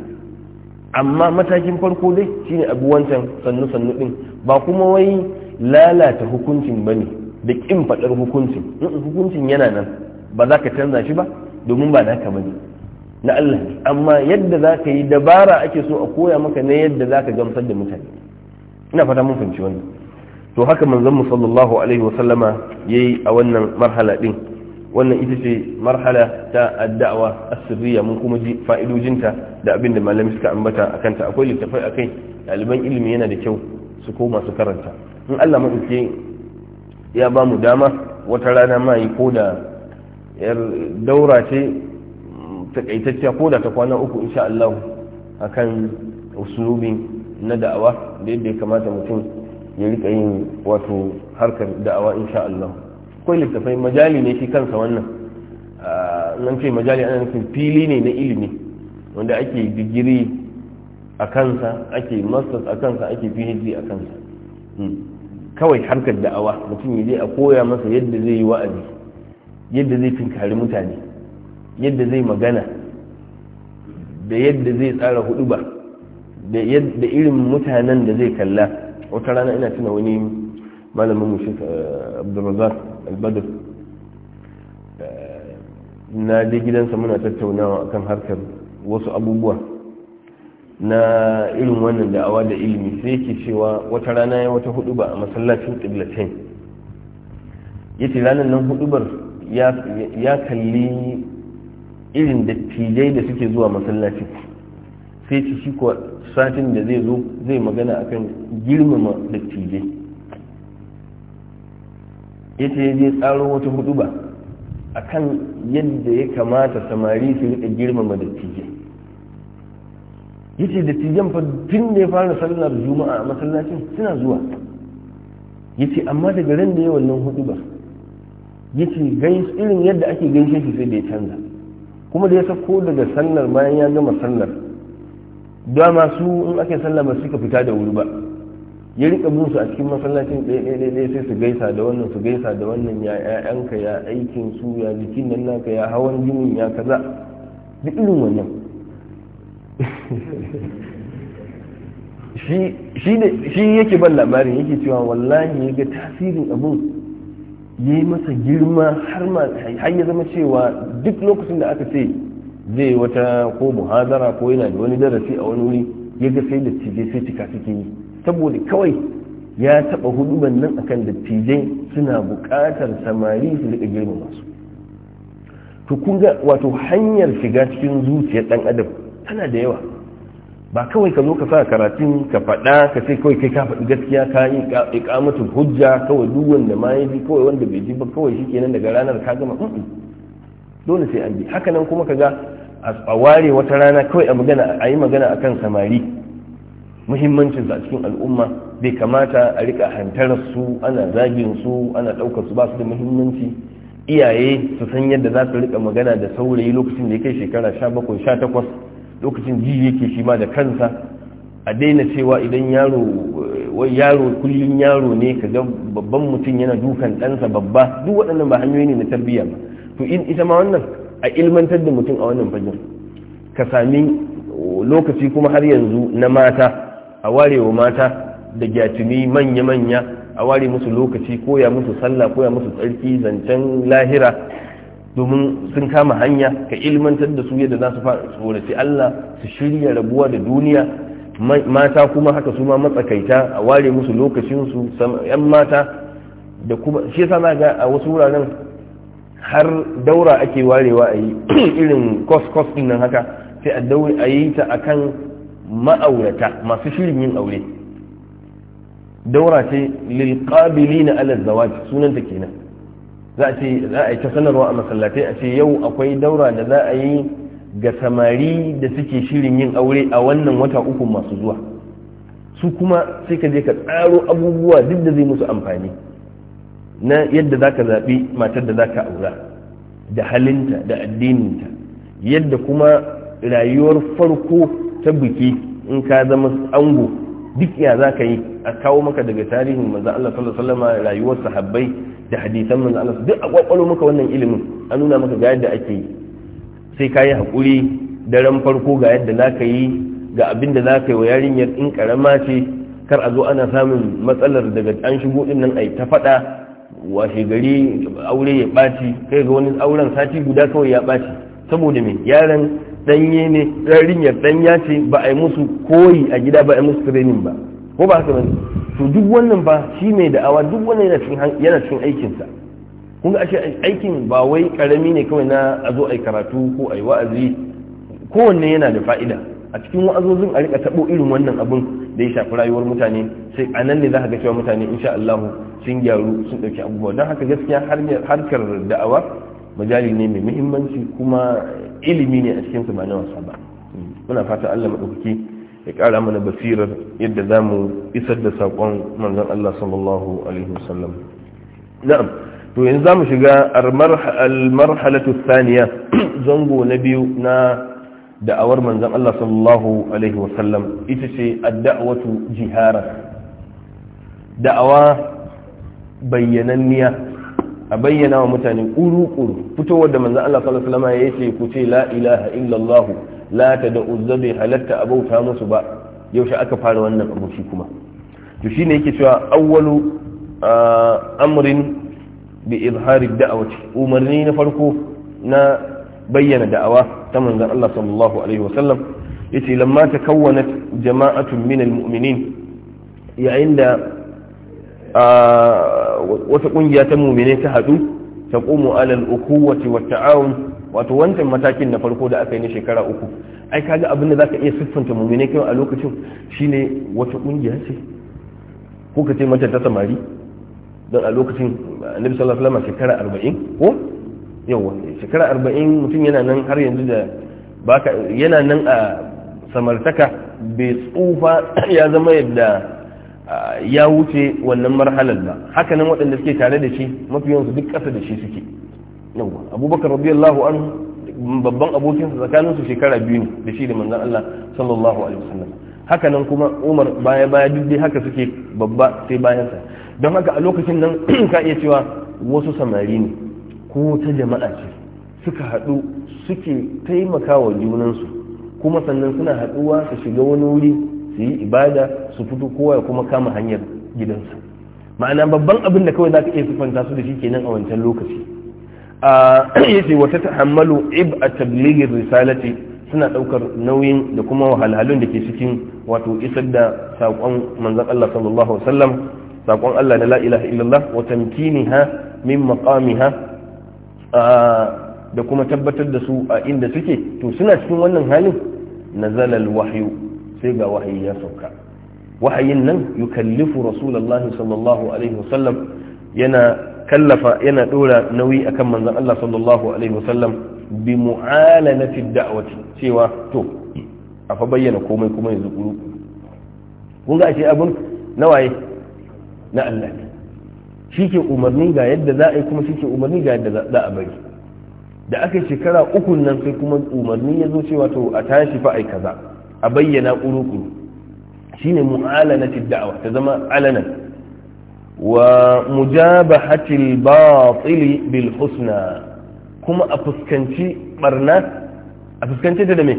amma matakin farko dai shine abu wancan sannu sannu din ba kuma wai lalata hukuncin bane da kin fadar hukuncin hukuncin yana nan ba za ka canza shi ba domin ba ba ne na Allah amma yadda za ka yi dabara ake so a koya maka na yadda za ka gamsar da mutane ina fata mun fahimci wannan to haka manzon mu sallallahu alaihi wasallama yayi a wannan marhala din wannan ita ce marhala ta addawa asirriya mun kuma ji fa'idojinta da abin da malami suka ambata a kanta akwai littafai a kai ɗaliban ilimi yana da kyau su koma su karanta in allah maɗauke ya ba mu dama wata rana ma yi ko da yar daura ce takaitacciya ko da ta kwana uku insha allahu a kan usulubi na da'awa da yadda ya kamata mutum ya rika yin wato harkar da'awa insha allahu akwai littafai majali ne shi kansa wannan ah, nan ce majali ana nufin fili ne na ilimi wanda ake digiri a kansa ake masters a kansa ake phd a kansa hmm. kawai harkar da'awa mutum ya je a koya masa yadda zai yi wa'azi yadda zai tinkari mutane yadda zai magana da yadda zai tsara huduba da irin mutanen da zai kalla wata rana ina tuna wani malamin mu eh, albadur na je gidansa muna tattaunawa akan harkar wasu abubuwa na irin wannan da'awa da ilimi sai ke cewa wata rana ya wata huduba a masallacin ƙiblatain ya ce ranar nan hudubar ya kalli irin dattijai da suke zuwa masallacin sai ce shi kuwa satin da zai zo zai magana akan girmama dattijai yace ya je tsaro wata hudu ba kan yadda ya kamata samari su rika girmama dattijai yace dattijan fa tun da ya fara sallar juma'a a masallacin suna zuwa yace amma daga ran da ya wannan hudu ba yace irin yadda ake gaishe shi sai da ya canza kuma da ya sako daga sallar bayan ya gama sallar dama su in ake sallar ba suka fita da wuri ba ya rika musu a cikin masallacin ɗaya sai su gaisa da wannan su gaisa da wannan ya ƴaƴanka ya aikin su ya jikin nan naka ya hawan jinin ya kaza duk irin wannan shi yake ban labarin yake cewa wallahi ya ga tasirin abun ya yi masa girma har ya zama cewa duk lokacin da aka ce zai wata ko muhazara ko yana da wani darasi a wani wuri ya ga sai da cije sai cika suke yi saboda kawai ya taba huduban nan akan dattijai suna bukatar samari su daga girma masu to kun ga wato hanyar shiga cikin zuciyar ɗan adam tana da yawa ba kawai ka zo ka sa karatun ka faɗa ka sai kawai kai ka faɗi gaskiya ka yi ikamatu hujja kawai duk wanda ma ya ji kawai wanda bai ji ba kawai shi kenan daga ranar ka gama dole sai an bi haka nan kuma ka ga a ware wata rana kawai a magana a yi magana akan samari muhimmancin a cikin al'umma bai kamata a rika hantarar su ana zagin su ana ɗaukar su ba su da muhimmanci iyaye su san yadda za su rika magana da saurayi lokacin da ya kai shekara sha bakwai sha takwas lokacin ji yake shi ma da kansa a daina cewa idan yaro wai yaro kullum yaro ne ka ga babban mutum yana dukan ɗansa babba duk waɗannan ba hanyoyi ne na tarbiyya ba to in ita ma wannan a ilmantar da mutum a wannan fagen ka sami lokaci kuma har yanzu na mata a warewa mata da gyatumi manya-manya a ware musu lokaci koya musu sallah koya musu tsarki zancen lahira domin sun kama hanya ka ilmantar da su yadda za su tsoraci Allah su shirya rabuwa da duniya mata kuma haka su ma matsakaita a ware musu lokacinsu yan mata da kuma shi yasa ga a wasu wuraren har daura ake warewa a yi irin kos-kos din nan haka sai a yi ta akan ma'aurata masu shirin yin aure daura ce lilqabili na alal zawaji sunanta kenan za a ce za a yi ta sanarwa a masallatai a ce yau akwai daura da za a yi ga samari da suke shirin yin aure a wannan wata uku masu zuwa su kuma sai ka je ka tsaro abubuwa duk da zai musu amfani na yadda za ka zaɓi matar da za ka aura da halinta da addininta yadda kuma rayuwar farko ta biki in ka zama ango duk ya za ka yi a kawo maka daga tarihin maza Allah sallallahu alaihi wasallam rayuwar sahabbai da hadisan manzo Allah duk a kwakwalo maka wannan ilimin an nuna maka ga yadda ake yi sai ka yi hakuri daren farko ga yadda za ka yi ga abin da za ka yi wa yarinyar in karama ce kar a zo ana samun matsalar daga an shigo din nan ai ta faɗa washe gari aure ya ɓaci kai ga wani auren sati guda kawai ya ɓaci saboda mai yaran Ɗanye ne ya danya ce ba a yi musu koyi a gida ba a yi musu training ba ko ba haka to duk wannan ba shi mai da'awa duk wannan yana cikin aikinsa kun ga ashe aikin ba wai karami ne kawai na a zo a yi karatu ko a yi wa'azi kowanne yana da fa'ida a cikin wa'azozin a rika tabo irin wannan abin da ya shafi rayuwar mutane sai a nan ne za ka ga cewa mutane insha Allah sun gyaru sun ɗauki abubuwa don haka gaskiya harkar da'awa majali ne mai muhimmanci kuma ilimi ne a cikin su ba na wasa ba muna fata Allah maɗaukaki ya kara mana basirar yadda zamu isar da sakon manzon Allah sallallahu alaihi wasallam na'am to yanzu zamu shiga al-marhalatu thaniya zango na biyu na da'awar manzon Allah sallallahu alaihi wasallam ita ce adda'watu jihara da'awa bayyananniya a bayyana wa mutane kuru-kuru fitowar da manza Allah sallallahu alaihi wasallam ya ce ku ce la ilaha illallah la tad'u zabi halatta abauta musu ba yaushe aka fara wannan abu shi kuma to shine yake cewa awwalu amrin bi izhari da'awati umarni na farko na bayyana da'awa ta manzan Allah sallallahu alaihi wasallam yace lamma takawwanat jama'atun min almu'minin yayin da wata kungiya ta mumine ta hadu ta qumu alal ukuwati wat ta'awun wato wancan matakin na farko da aka yi na shekara uku ai kaga abin da zaka iya siffanta mumine kai a lokacin shine wata kungiya ce ko ka ce mata ta samari don a lokacin annabi sallallahu alaihi wasallam shekara 40 ko yawa shekara 40 mutum yana nan har yanzu da baka yana nan a samartaka bai tsufa ya zama yadda ya wuce wannan marhalar ba haka nan waɗanda suke tare da shi mafi yawansu duk ƙasa da shi suke yawwa abubakar radiyallahu an babban abokinsa tsakaninsu shekara biyu ne da shi da manzon Allah sallallahu alaihi wasallam haka nan kuma Umar baya baya duk dai haka suke babba sai bayan sa don haka a lokacin nan ka iya cewa wasu samari ne ko ta jama'a ce suka haɗu suke taimakawa junansu kuma sannan suna haɗuwa su shiga wani wuri su yi ibada su fito kowa kuma kama hanyar gidansu ma'ana babban abin da kawai za ka iya sufanta su da shi kenan a wancan lokaci a ce wata tahammalu ib a tablighin risalati suna daukar nauyin da kuma wahalhalun da ke cikin wato isar da saƙon manzan Allah sallallahu alaihi wasallam saƙon Allah da la ilaha illallah wa tamkiniha min maqamiha da kuma tabbatar da su a inda suke to suna cikin wannan halin nazalal wahyu sai ga wahayi ya sauka wahayin nan yukallifu rasulullahi sallallahu alaihi wasallam yana kallafa yana dora nauyi akan manzon Allah sallallahu alaihi wasallam bi mu'alanati da'wati cewa to a fa bayyana komai kuma yanzu kuru kun ga ashe abun nawaye na Allah ne shi ke umarni ga yadda za a yi kuma shi ke umarni ga yadda za a bari da aka shekara ukun nan sai kuma umarni ya zo cewa to a tashi fa ai kaza a bayyana ƙuruƙuru shine mu'alanati da'awa ta zama alanan wa mujabahatil batili bil husna kuma a fuskanci barna a fuskanci ta da me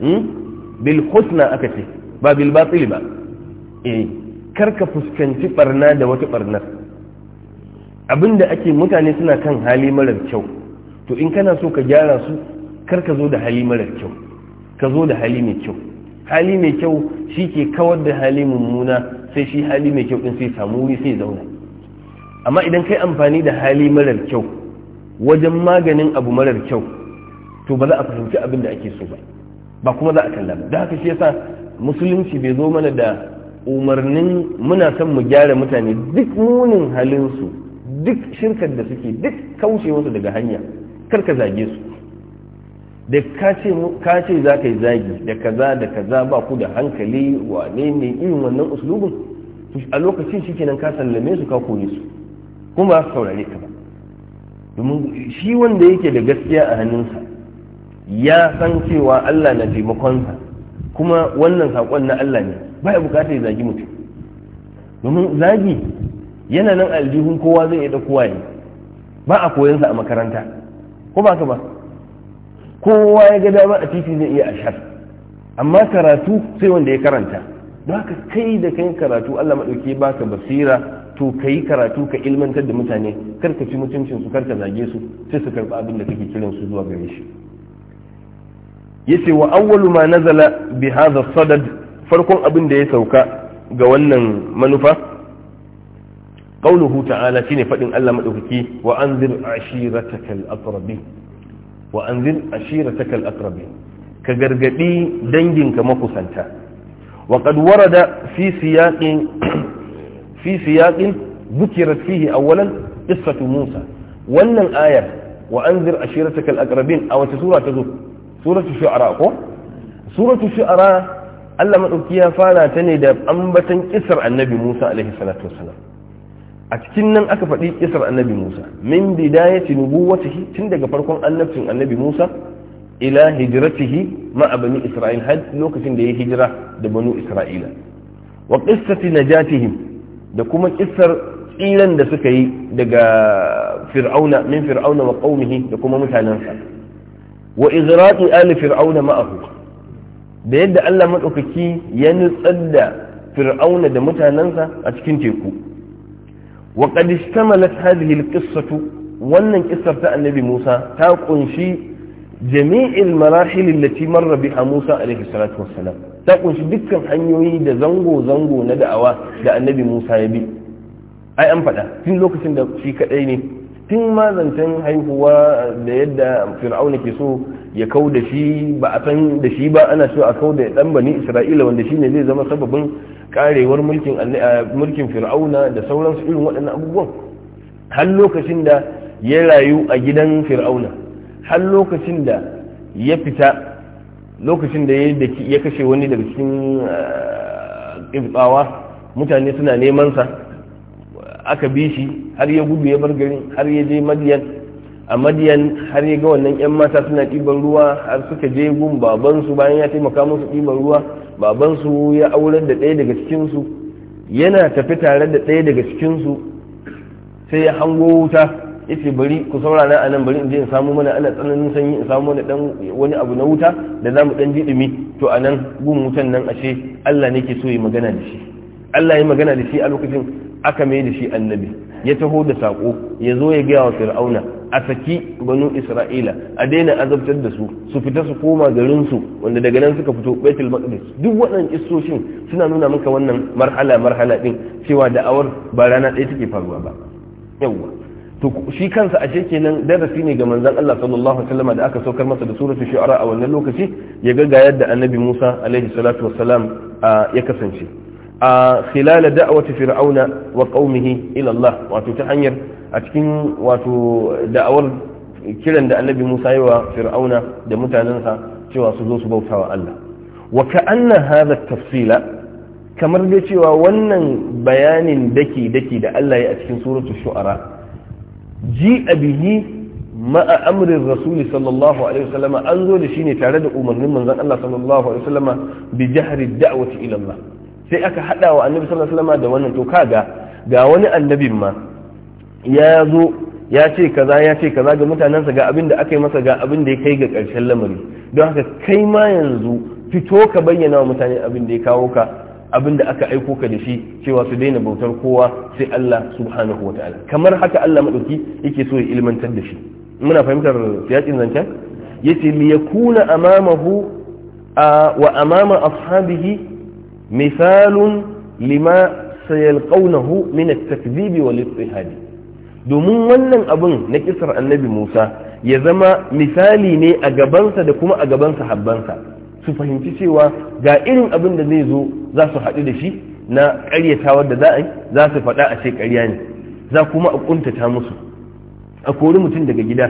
hmm? bil husna aka ce ba bil batili ba eh kar ka fuskanci barna da wata barnar abinda ake mutane suna kan hali marar kyau to in kana so ka gyara su kar ka zo da hali marar kyau ka zo da hali mai kyau hali mai kyau shi ke kawar da hali mummuna sai shi hali mai kyau ɗin sai samu wuri sai zauna amma idan kai amfani da hali marar kyau wajen maganin abu marar kyau to ba za a fahimci abin da ake so ba ba kuma za a kalla ba da haka shi yasa musulunci bai zo mana da umarnin muna son mu gyara mutane duk munin halinsu duk shirkar da suke duk kaucewarsu daga hanya kar ka zage su da ka ce za ka yi zagi da kaza da kaza ba ku da hankali wa ne ne irin wannan uslubin a lokacin shi kenan ka sallame su ka kone su kuma ba su saurare ka ba domin shi wanda yake da gaskiya a hannunsa ya san cewa Allah na taimakonsa kuma wannan saƙon na Allah ne ba ya bukatar zagi mutum domin zagi yana nan aljihun kowa zai iya ɗauko waye ba a koyansa a makaranta ko ba ka ba kowa ya ga dama a titi zai iya ashar amma karatu sai wanda ya karanta don haka kai da kai karatu Allah maɗauki ba ka basira to ka yi karatu ka ilmantar da mutane kar ka ci mutuncin su kar ka zage su sai su karɓi abin da kake kiran su zuwa gare shi yace wa awwalu ma nazala bi hadha sadad farkon abin da ya sauka ga wannan manufa qauluhu ta'ala shine fadin Allah madaukaki wa anzir ashiratakal aqrabin wa anzir ashirataka al-aqrabin ka gargadi danginka makusanta wa qad warada fi siyaƙin fi siyaqin dhukirat fihi awwalan qissatu Musa wannan ayar wa anzir ashirataka al-aqrabin aw ta sura tazo suratu shu'ara ko suratu shu'ara Allah madauki ya fara ta ne da ambatan kisar annabi Musa alaihi salatu wassalam a cikin nan aka faɗi ƙisar annabi musa min bidayati nubuwatihi tun daga farkon annabcin annabi musa ila hijratihi ma bani isra'il har lokacin da ya hijira da banu isra'ila wa qissati najatihim da kuma ƙisar tsiran da suka yi daga fir'auna min fir'auna wa qaumihi da kuma mutanensa wa izraqi ali fir'auna ma'ahu da yadda Allah madaukaki ya nutsar da fir'auna da mutanensa a cikin teku wa qad ishtamalat hadhihi alqissatu wannan kissar ta annabi Musa ta kunshi jami'il marahil allati marra biha Musa alaihi salatu wassalam ta kunshi dukkan hanyoyi da zango zango na da'awa da annabi Musa ya bi ai an faɗa tun lokacin da shi kadai ne tun ma zancen haihuwa da yadda fir'auna ke so ya kau da shi ba a san da shi ba ana so a kau da dan bani isra'ila wanda shine zai zama sababin karewar mulkin mulkin fir'auna da sauransu irin waɗannan abubuwan har lokacin da ya rayu a gidan fir'auna har lokacin da ya fita lokacin da ya kashe wani daga cikin ƙibtsawa eh, mutane suna neman sa aka bi shi har ya gudu ya bar garin har ya je madiyan a madiyan har ya ga wannan yan mata suna ɗiban ruwa har suka je gun babansu bayan ya taimaka musu ɗiban ruwa babansu ya aurar da ɗaya daga cikin su yana tafi tare da ɗaya daga cikin su sai ya hango wuta ya bari ku saura a nan bari in je in samu mana ana tsananin sanyi in samu dan wani abu na wuta da zamu dan ji dumi to anan nan gun wutan nan ashe allah ne ke so ya magana da shi allah ya magana da shi a lokacin aka mai da shi annabi ya taho da saƙo ya zo ya gaya wa fir'auna a saki banu isra'ila a daina azabtar da su su fita su koma garin su wanda daga nan suka fito baitul maqdis duk waɗannan isoshin suna nuna maka wannan marhala marhala din cewa da'awar ba rana ɗaya take faruwa ba yawwa to shi kansa ashe kenan darasi ne ga manzon Allah sallallahu alaihi wasallam da aka saukar masa da suratul shu'ara a wannan lokaci ya ga ga yadda annabi Musa alaihi salatu wassalam ya kasance a khilala da'awati fir'auna wa qaumihi ila Allah wato ta hanyar a cikin wato da'awar kiran da annabi Musa yi wa fir'auna da mutanensa cewa su zo su bauta wa Allah wa ka'anna hadha tafsila kamar dai cewa wannan bayanin daki daki da Allah ya a cikin suratul shu'ara ji abihi ma'a amrin rasuli sallallahu alaihi wasallama an zo da shi ne tare da umarnin manzon Allah sallallahu alaihi wasallama bi jahri da'wati ila Allah sai aka hada wa annabi sallallahu alaihi da wannan to kaga ga wani annabin ma ya zo ya ce kaza ya ce kaza ga mutanensa ga abin da aka yi masa ga abin da ya kai ga ƙarshen lamari don haka kai ma yanzu fito ka bayyana wa mutane abin da ya kawo ka abin da aka aiko ka da shi cewa su daina bautar kowa sai Allah subhanahu wataala kamar haka Allah madauki yake so ya ilmantar da shi muna fahimtar siyakin zancen yace li yakuna amamahu wa amama ashabihi misalun لما سيلقونه من التكذيب والاضطهاد domin wannan abun na kisar annabi Musa ya zama misali ne a gabansa da kuma a gaban sahabbansa su fahimci cewa ga irin abin da zai zo za su haɗu da shi na ƙaryatawa da za a yi za su faɗa a ce ƙarya ne za kuma a ƙuntata musu a kori mutum daga gida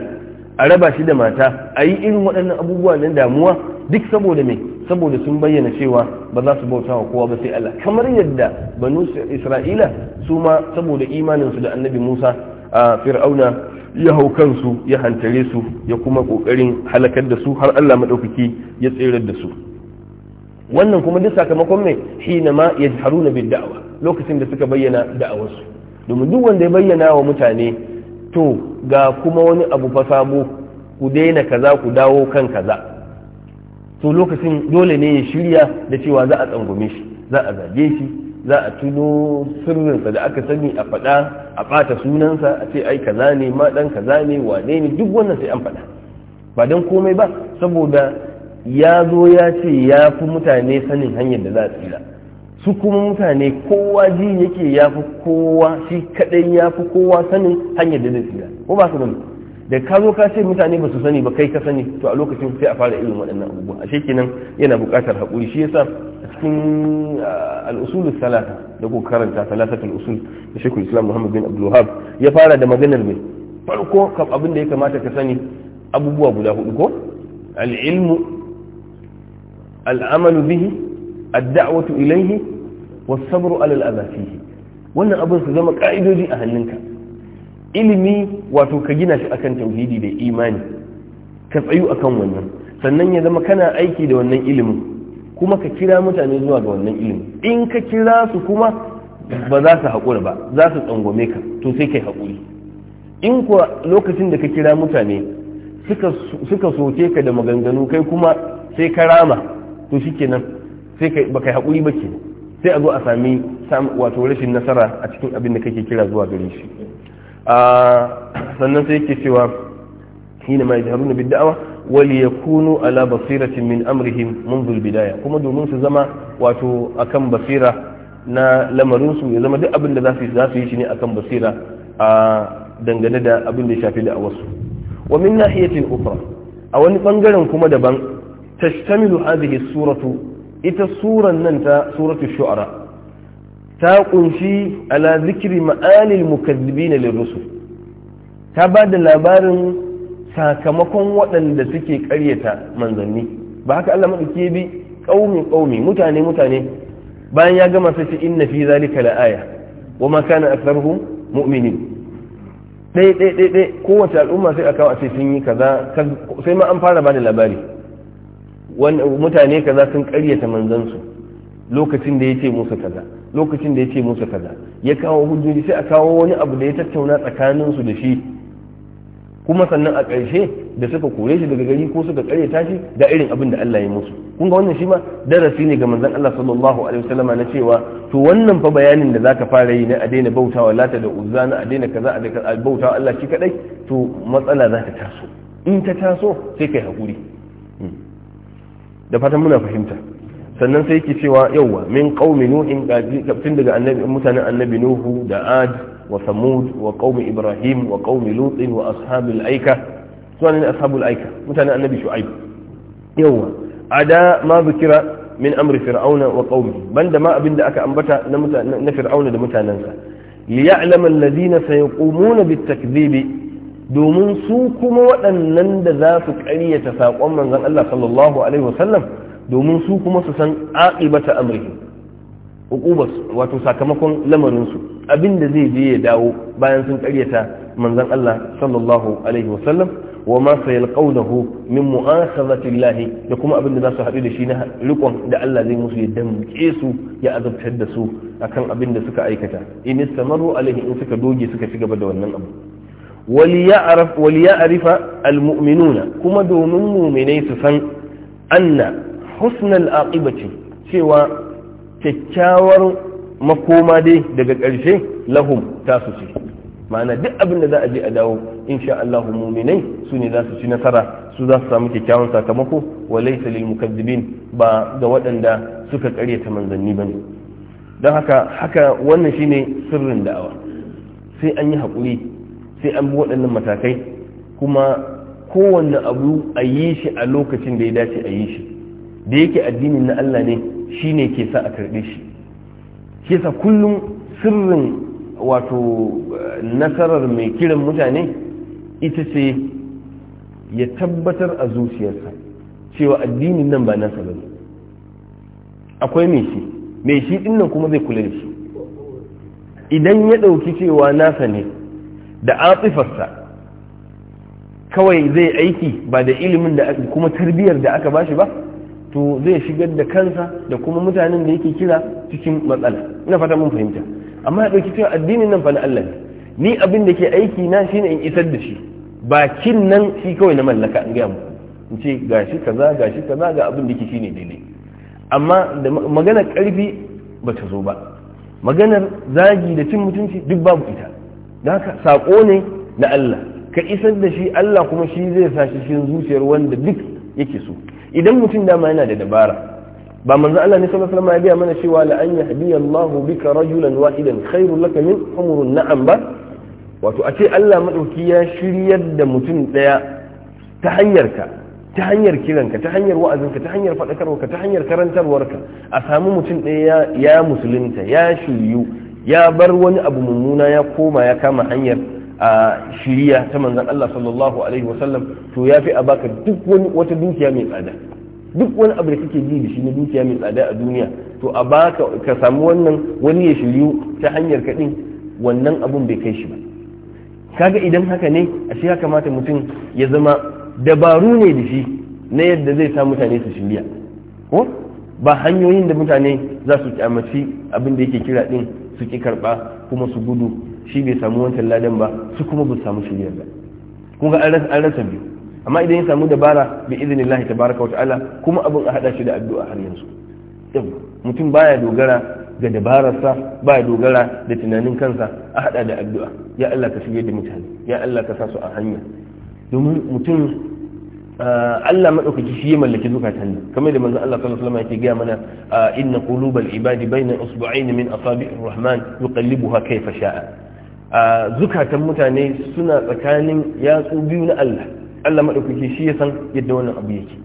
a raba shi da mata a yi irin waɗannan abubuwa na damuwa duk saboda mai saboda sun bayyana cewa ba za su bauta wa kowa ba sai Allah kamar yadda banu Isra'ila su ma saboda imanin da Annabi Musa a Fir'auna ya hau kansu ya hantare su ya kuma kokarin halakar da su har Allah madaukaki ya tsere da su wannan kuma duk sakamakon mai hina ma haruna bid da'awa lokacin da suka bayyana da'awarsu domin duk wanda ya bayyana wa mutane to ga kuma wani abu fa sabo ku daina kaza ku dawo kan kaza to lokacin dole ne ya shirya da cewa za a tsangume shi za a zage shi za a tuno sirrinsa da aka sani a faɗa a ɓata sunansa a ce ai kaza ne ma ɗan kaza ne wane ne duk wannan sai an faɗa ba don komai ba saboda ya zo ya ce ya fi mutane sanin hanyar da za a tsira su kuma mutane kowa ji yake ya fi kowa shi kaɗai ya fi kowa sanin hanyar da zai tsira ko ba su nan da ka zo ka ce mutane ba su sani ba kai ka sani to a lokacin sai a fara irin waɗannan abubuwa a kenan yana buƙatar haƙuri shi yasa a cikin al'usul salata da ko karanta salatatul usul da shekul islam muhammad bin abdul ya fara da maganar mai farko abin da ya kamata ka sani abubuwa guda hudu ko al'ilmu al'amalu bihi ad-da'watu ilayhi was-sabru 'ala al-adha fihi wannan abin su zama ka'idoji a hannunka ilimi wato ka gina shi akan tauhidi da imani ka tsayu akan wannan sannan ya zama kana aiki da wannan ilimin kuma ka kira mutane zuwa ga wannan ilimi in ka kira su kuma ba za su haƙura ba za su tsangwame ka to sai kai haƙuri in kuwa lokacin da ka kira mutane suka soke ka da maganganu kai kuma sai ka rama to shikenan sai ba kai haƙuri ba ke sai a zo a sami wato rashin nasara a cikin abin da kake kira zuwa gare shi sannan sai yake cewa shine mai na bid da'awa ya kunu ala basiratin min amrihim منذ البدايه kuma domin su zama wato akan basira na lamarinsu ya zama duk abin da za su yi shi ne akan basira a dangane da abin da ya shafi da wasu wa min nahiyatin ukhra a wani bangaren kuma daban tashtamilu hadhihi suratu ita suran nan ta suratu shu'ara ta kunshi ala zikiri ma'anil na lirrusul ta ba da labarin sakamakon waɗanda suke ƙaryata manzanni ba haka Allah maɗauki bi ƙaumi ƙaumi mutane mutane bayan ya gama sai ce inna fi zalika aya wa ma kana aktharuhum mu'minin dai dai dai dai kowace al'umma sai aka a ce sun yi kaza sai ma an fara ba da labari mutane kaza sun ƙaryata manzansu lokacin da ya ce musu kaza lokacin da ya ce musu kaza ya kawo hujjoji sai a kawo wani abu da ya tattauna su da shi kuma sannan a ƙarshe da suka kore shi daga gari ko suka ƙare tashi ga irin abin da Allah ya musu kun ga wannan shi ma darasi ne ga manzon Allah sallallahu alaihi wasallama na cewa to wannan fa bayanin da zaka fara yi na a daina bautawa lata da uzza na a daina kaza a daina bautawa Allah shi kadai to matsala za ta taso in ta taso sai kai hakuri hmm. da fatan muna fahimta sannan sai yake cewa yawwa min qaumi nuhin kafin daga annabi mutanen annabi nuhu da ad wa samud wa qaumi ibrahim wa qaumi lut wa ashabul aika sunan ashabul aika mutanen annabi shu'aib yawwa ada ma zikira min amri fir'auna wa qaumi banda ma abinda aka ambata na mutanen na fir'auna da mutanansa liya'lama alladhina sayqumuna bitakdhibi domin su kuma waɗannan da za su ƙaryata saƙon manzon Allah sallallahu alaihi wasallam domin su kuma su san aqibata amrihi uqubas wato sakamakon lamarinsu, abin abinda zai je ya dawo bayan sun karyata manzon Allah sallallahu alaihi wasallam wa ma sayalqawnahu min mu'akhadhati da kuma abinda za su haɗu da shi na rikon da Allah zai musu ya damke su ya azabtar da su akan abinda suka aikata in istamaru alaihi in suka doge suka ci gaba da wannan abu وليعرف almuminuna kuma domin muminai su san Anna. husnal aqibati cewa kyakkyawar makoma dai daga ƙarshe lahum tasu ce ma'ana duk abin da za a je a dawo insha Allah muminai su ne za su ci nasara su za su samu kyakkyawan sakamako wa laysa lil mukazzibin ba ga waɗanda suka ƙaryata manzanni bane don haka haka wannan shine sirrin da'awa sai an yi haƙuri sai an bi waɗannan matakai kuma kowanne abu a yi shi a lokacin da ya dace a yi shi da yake addinin na Allah ne shine ke sa a karɓe shi shi kullum sirrin wato eh, nasarar mai kiran mutane ita ce ya tabbatar a zuciyarsa cewa addinin nan ba nasa ba akwai mai shi mai shi dinnan kuma zai kula da shi idan ya ɗauki cewa nasa ne da atsifarsa kawai zai aiki ba da ilimin da kuma tarbiyyar da aka bashi ba to zai shigar da kansa da kuma mutanen da yake kira cikin matsala ina fata mun fahimta amma ya ɗauki cewa addinin nan fa na Allah ne ni abin da ke aiki na shine in isar da shi bakin nan shi kawai na mallaka in gaya mu in ce gashi kaza gashi kaza ga abin da ke ne daidai amma da maganar karfi ba ta zo ba maganar zagi da cin mutunci duk babu ita da haka sako ne na Allah ka isar da shi Allah kuma shi zai sa shi cikin zuciyar wanda duk yake so idan mutum dama yana da dabara ba manzo Allah ne sallallahu alaihi wasallam ya mana cewa la an yahdiya Allah bika rajulan wahidan khairul laka min umrun na'am ba wato a ce Allah madauki ya shiryar da mutum daya ta hanyarka ta hanyar kiranka ta hanyar wa'azinka ta hanyar fadakarwarka ta hanyar karantarwarka a samu mutum daya ya musulunta ya shiryu ya bar wani abu mummuna ya koma ya kama hanyar a shiriya ta manzan Allah sallallahu alaihi wasallam to ya fi a baka duk wani wata dukiya mai tsada duk wani abu da kake ji da shi na dukiya mai tsada a duniya to a baka ka sami wannan wani ya shiryu ta hanyar kaɗin wannan abun bai kai shi ba kaga idan haka ne a shi ya kamata mutum ya zama dabaru ne da shi na yadda zai sa mutane su shirya ko ba hanyoyin da mutane za su kyamaci abin da yake kira ɗin su ki karba kuma su gudu shi bai samu wancan ladan ba su kuma ba samu shiriyar ba kun ga an rasa biyu amma idan ya samu dabara bi ta baraka wata ala kuma abin a hada shi da addu'a har yanzu mutum baya dogara ga dabararsa baya dogara da tunanin kansa a hada da addu'a ya Allah ka shige da mutane ya Allah ka sa su a hanya domin mutum Allah madaukaki shi ya mallaki zukatan ne kamar da manzon Allah sallallahu alaihi wasallam yake gaya mana inna qulubal ibadi bayna usbu'ain min asabi'ir rahman yuqallibuha kayfa sha'a a zukatan mutane suna tsakanin yatsu biyu na Allah Allah madaukaki shi ya san yadda wannan abu yake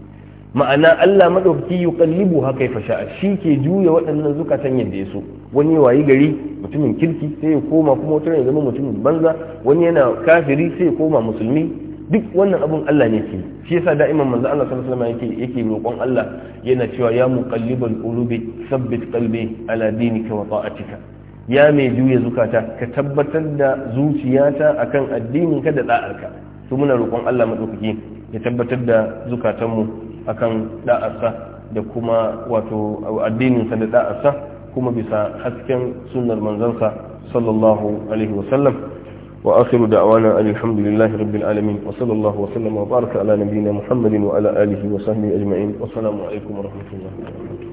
ma'ana Allah madaukaki kallibu haka ya fasha shi ke juya waɗannan zukatan yadda ya so wani wayi gari mutumin kirki sai ya koma kuma wata ya zama mutumin banza wani yana kafiri sai ya koma musulmi duk wannan abun Allah ne ke shi yasa da'iman manzo Allah sallallahu alaihi wasallam yake yake roƙon Allah yana cewa ya muqallibal qulubi thabbit qalbi ala dinika wa ta'atika ya mai juya zukata ka tabbatar da zuciyata akan addininka da da'arka su muna roƙon Allah madaukaki ya tabbatar da zukatanmu akan da'arsa da kuma wato addininsa da da'arsa kuma bisa hasken sunnar manzansa sallallahu alaihi wa sallam wa akhiru da'wana alhamdulillahi rabbil alamin wa sallallahu wa sallama wa baraka ala nabiyyina muhammadin wa ala alihi wa sahbihi ajma'in wa assalamu alaikum wa rahmatullahi wa barakatuh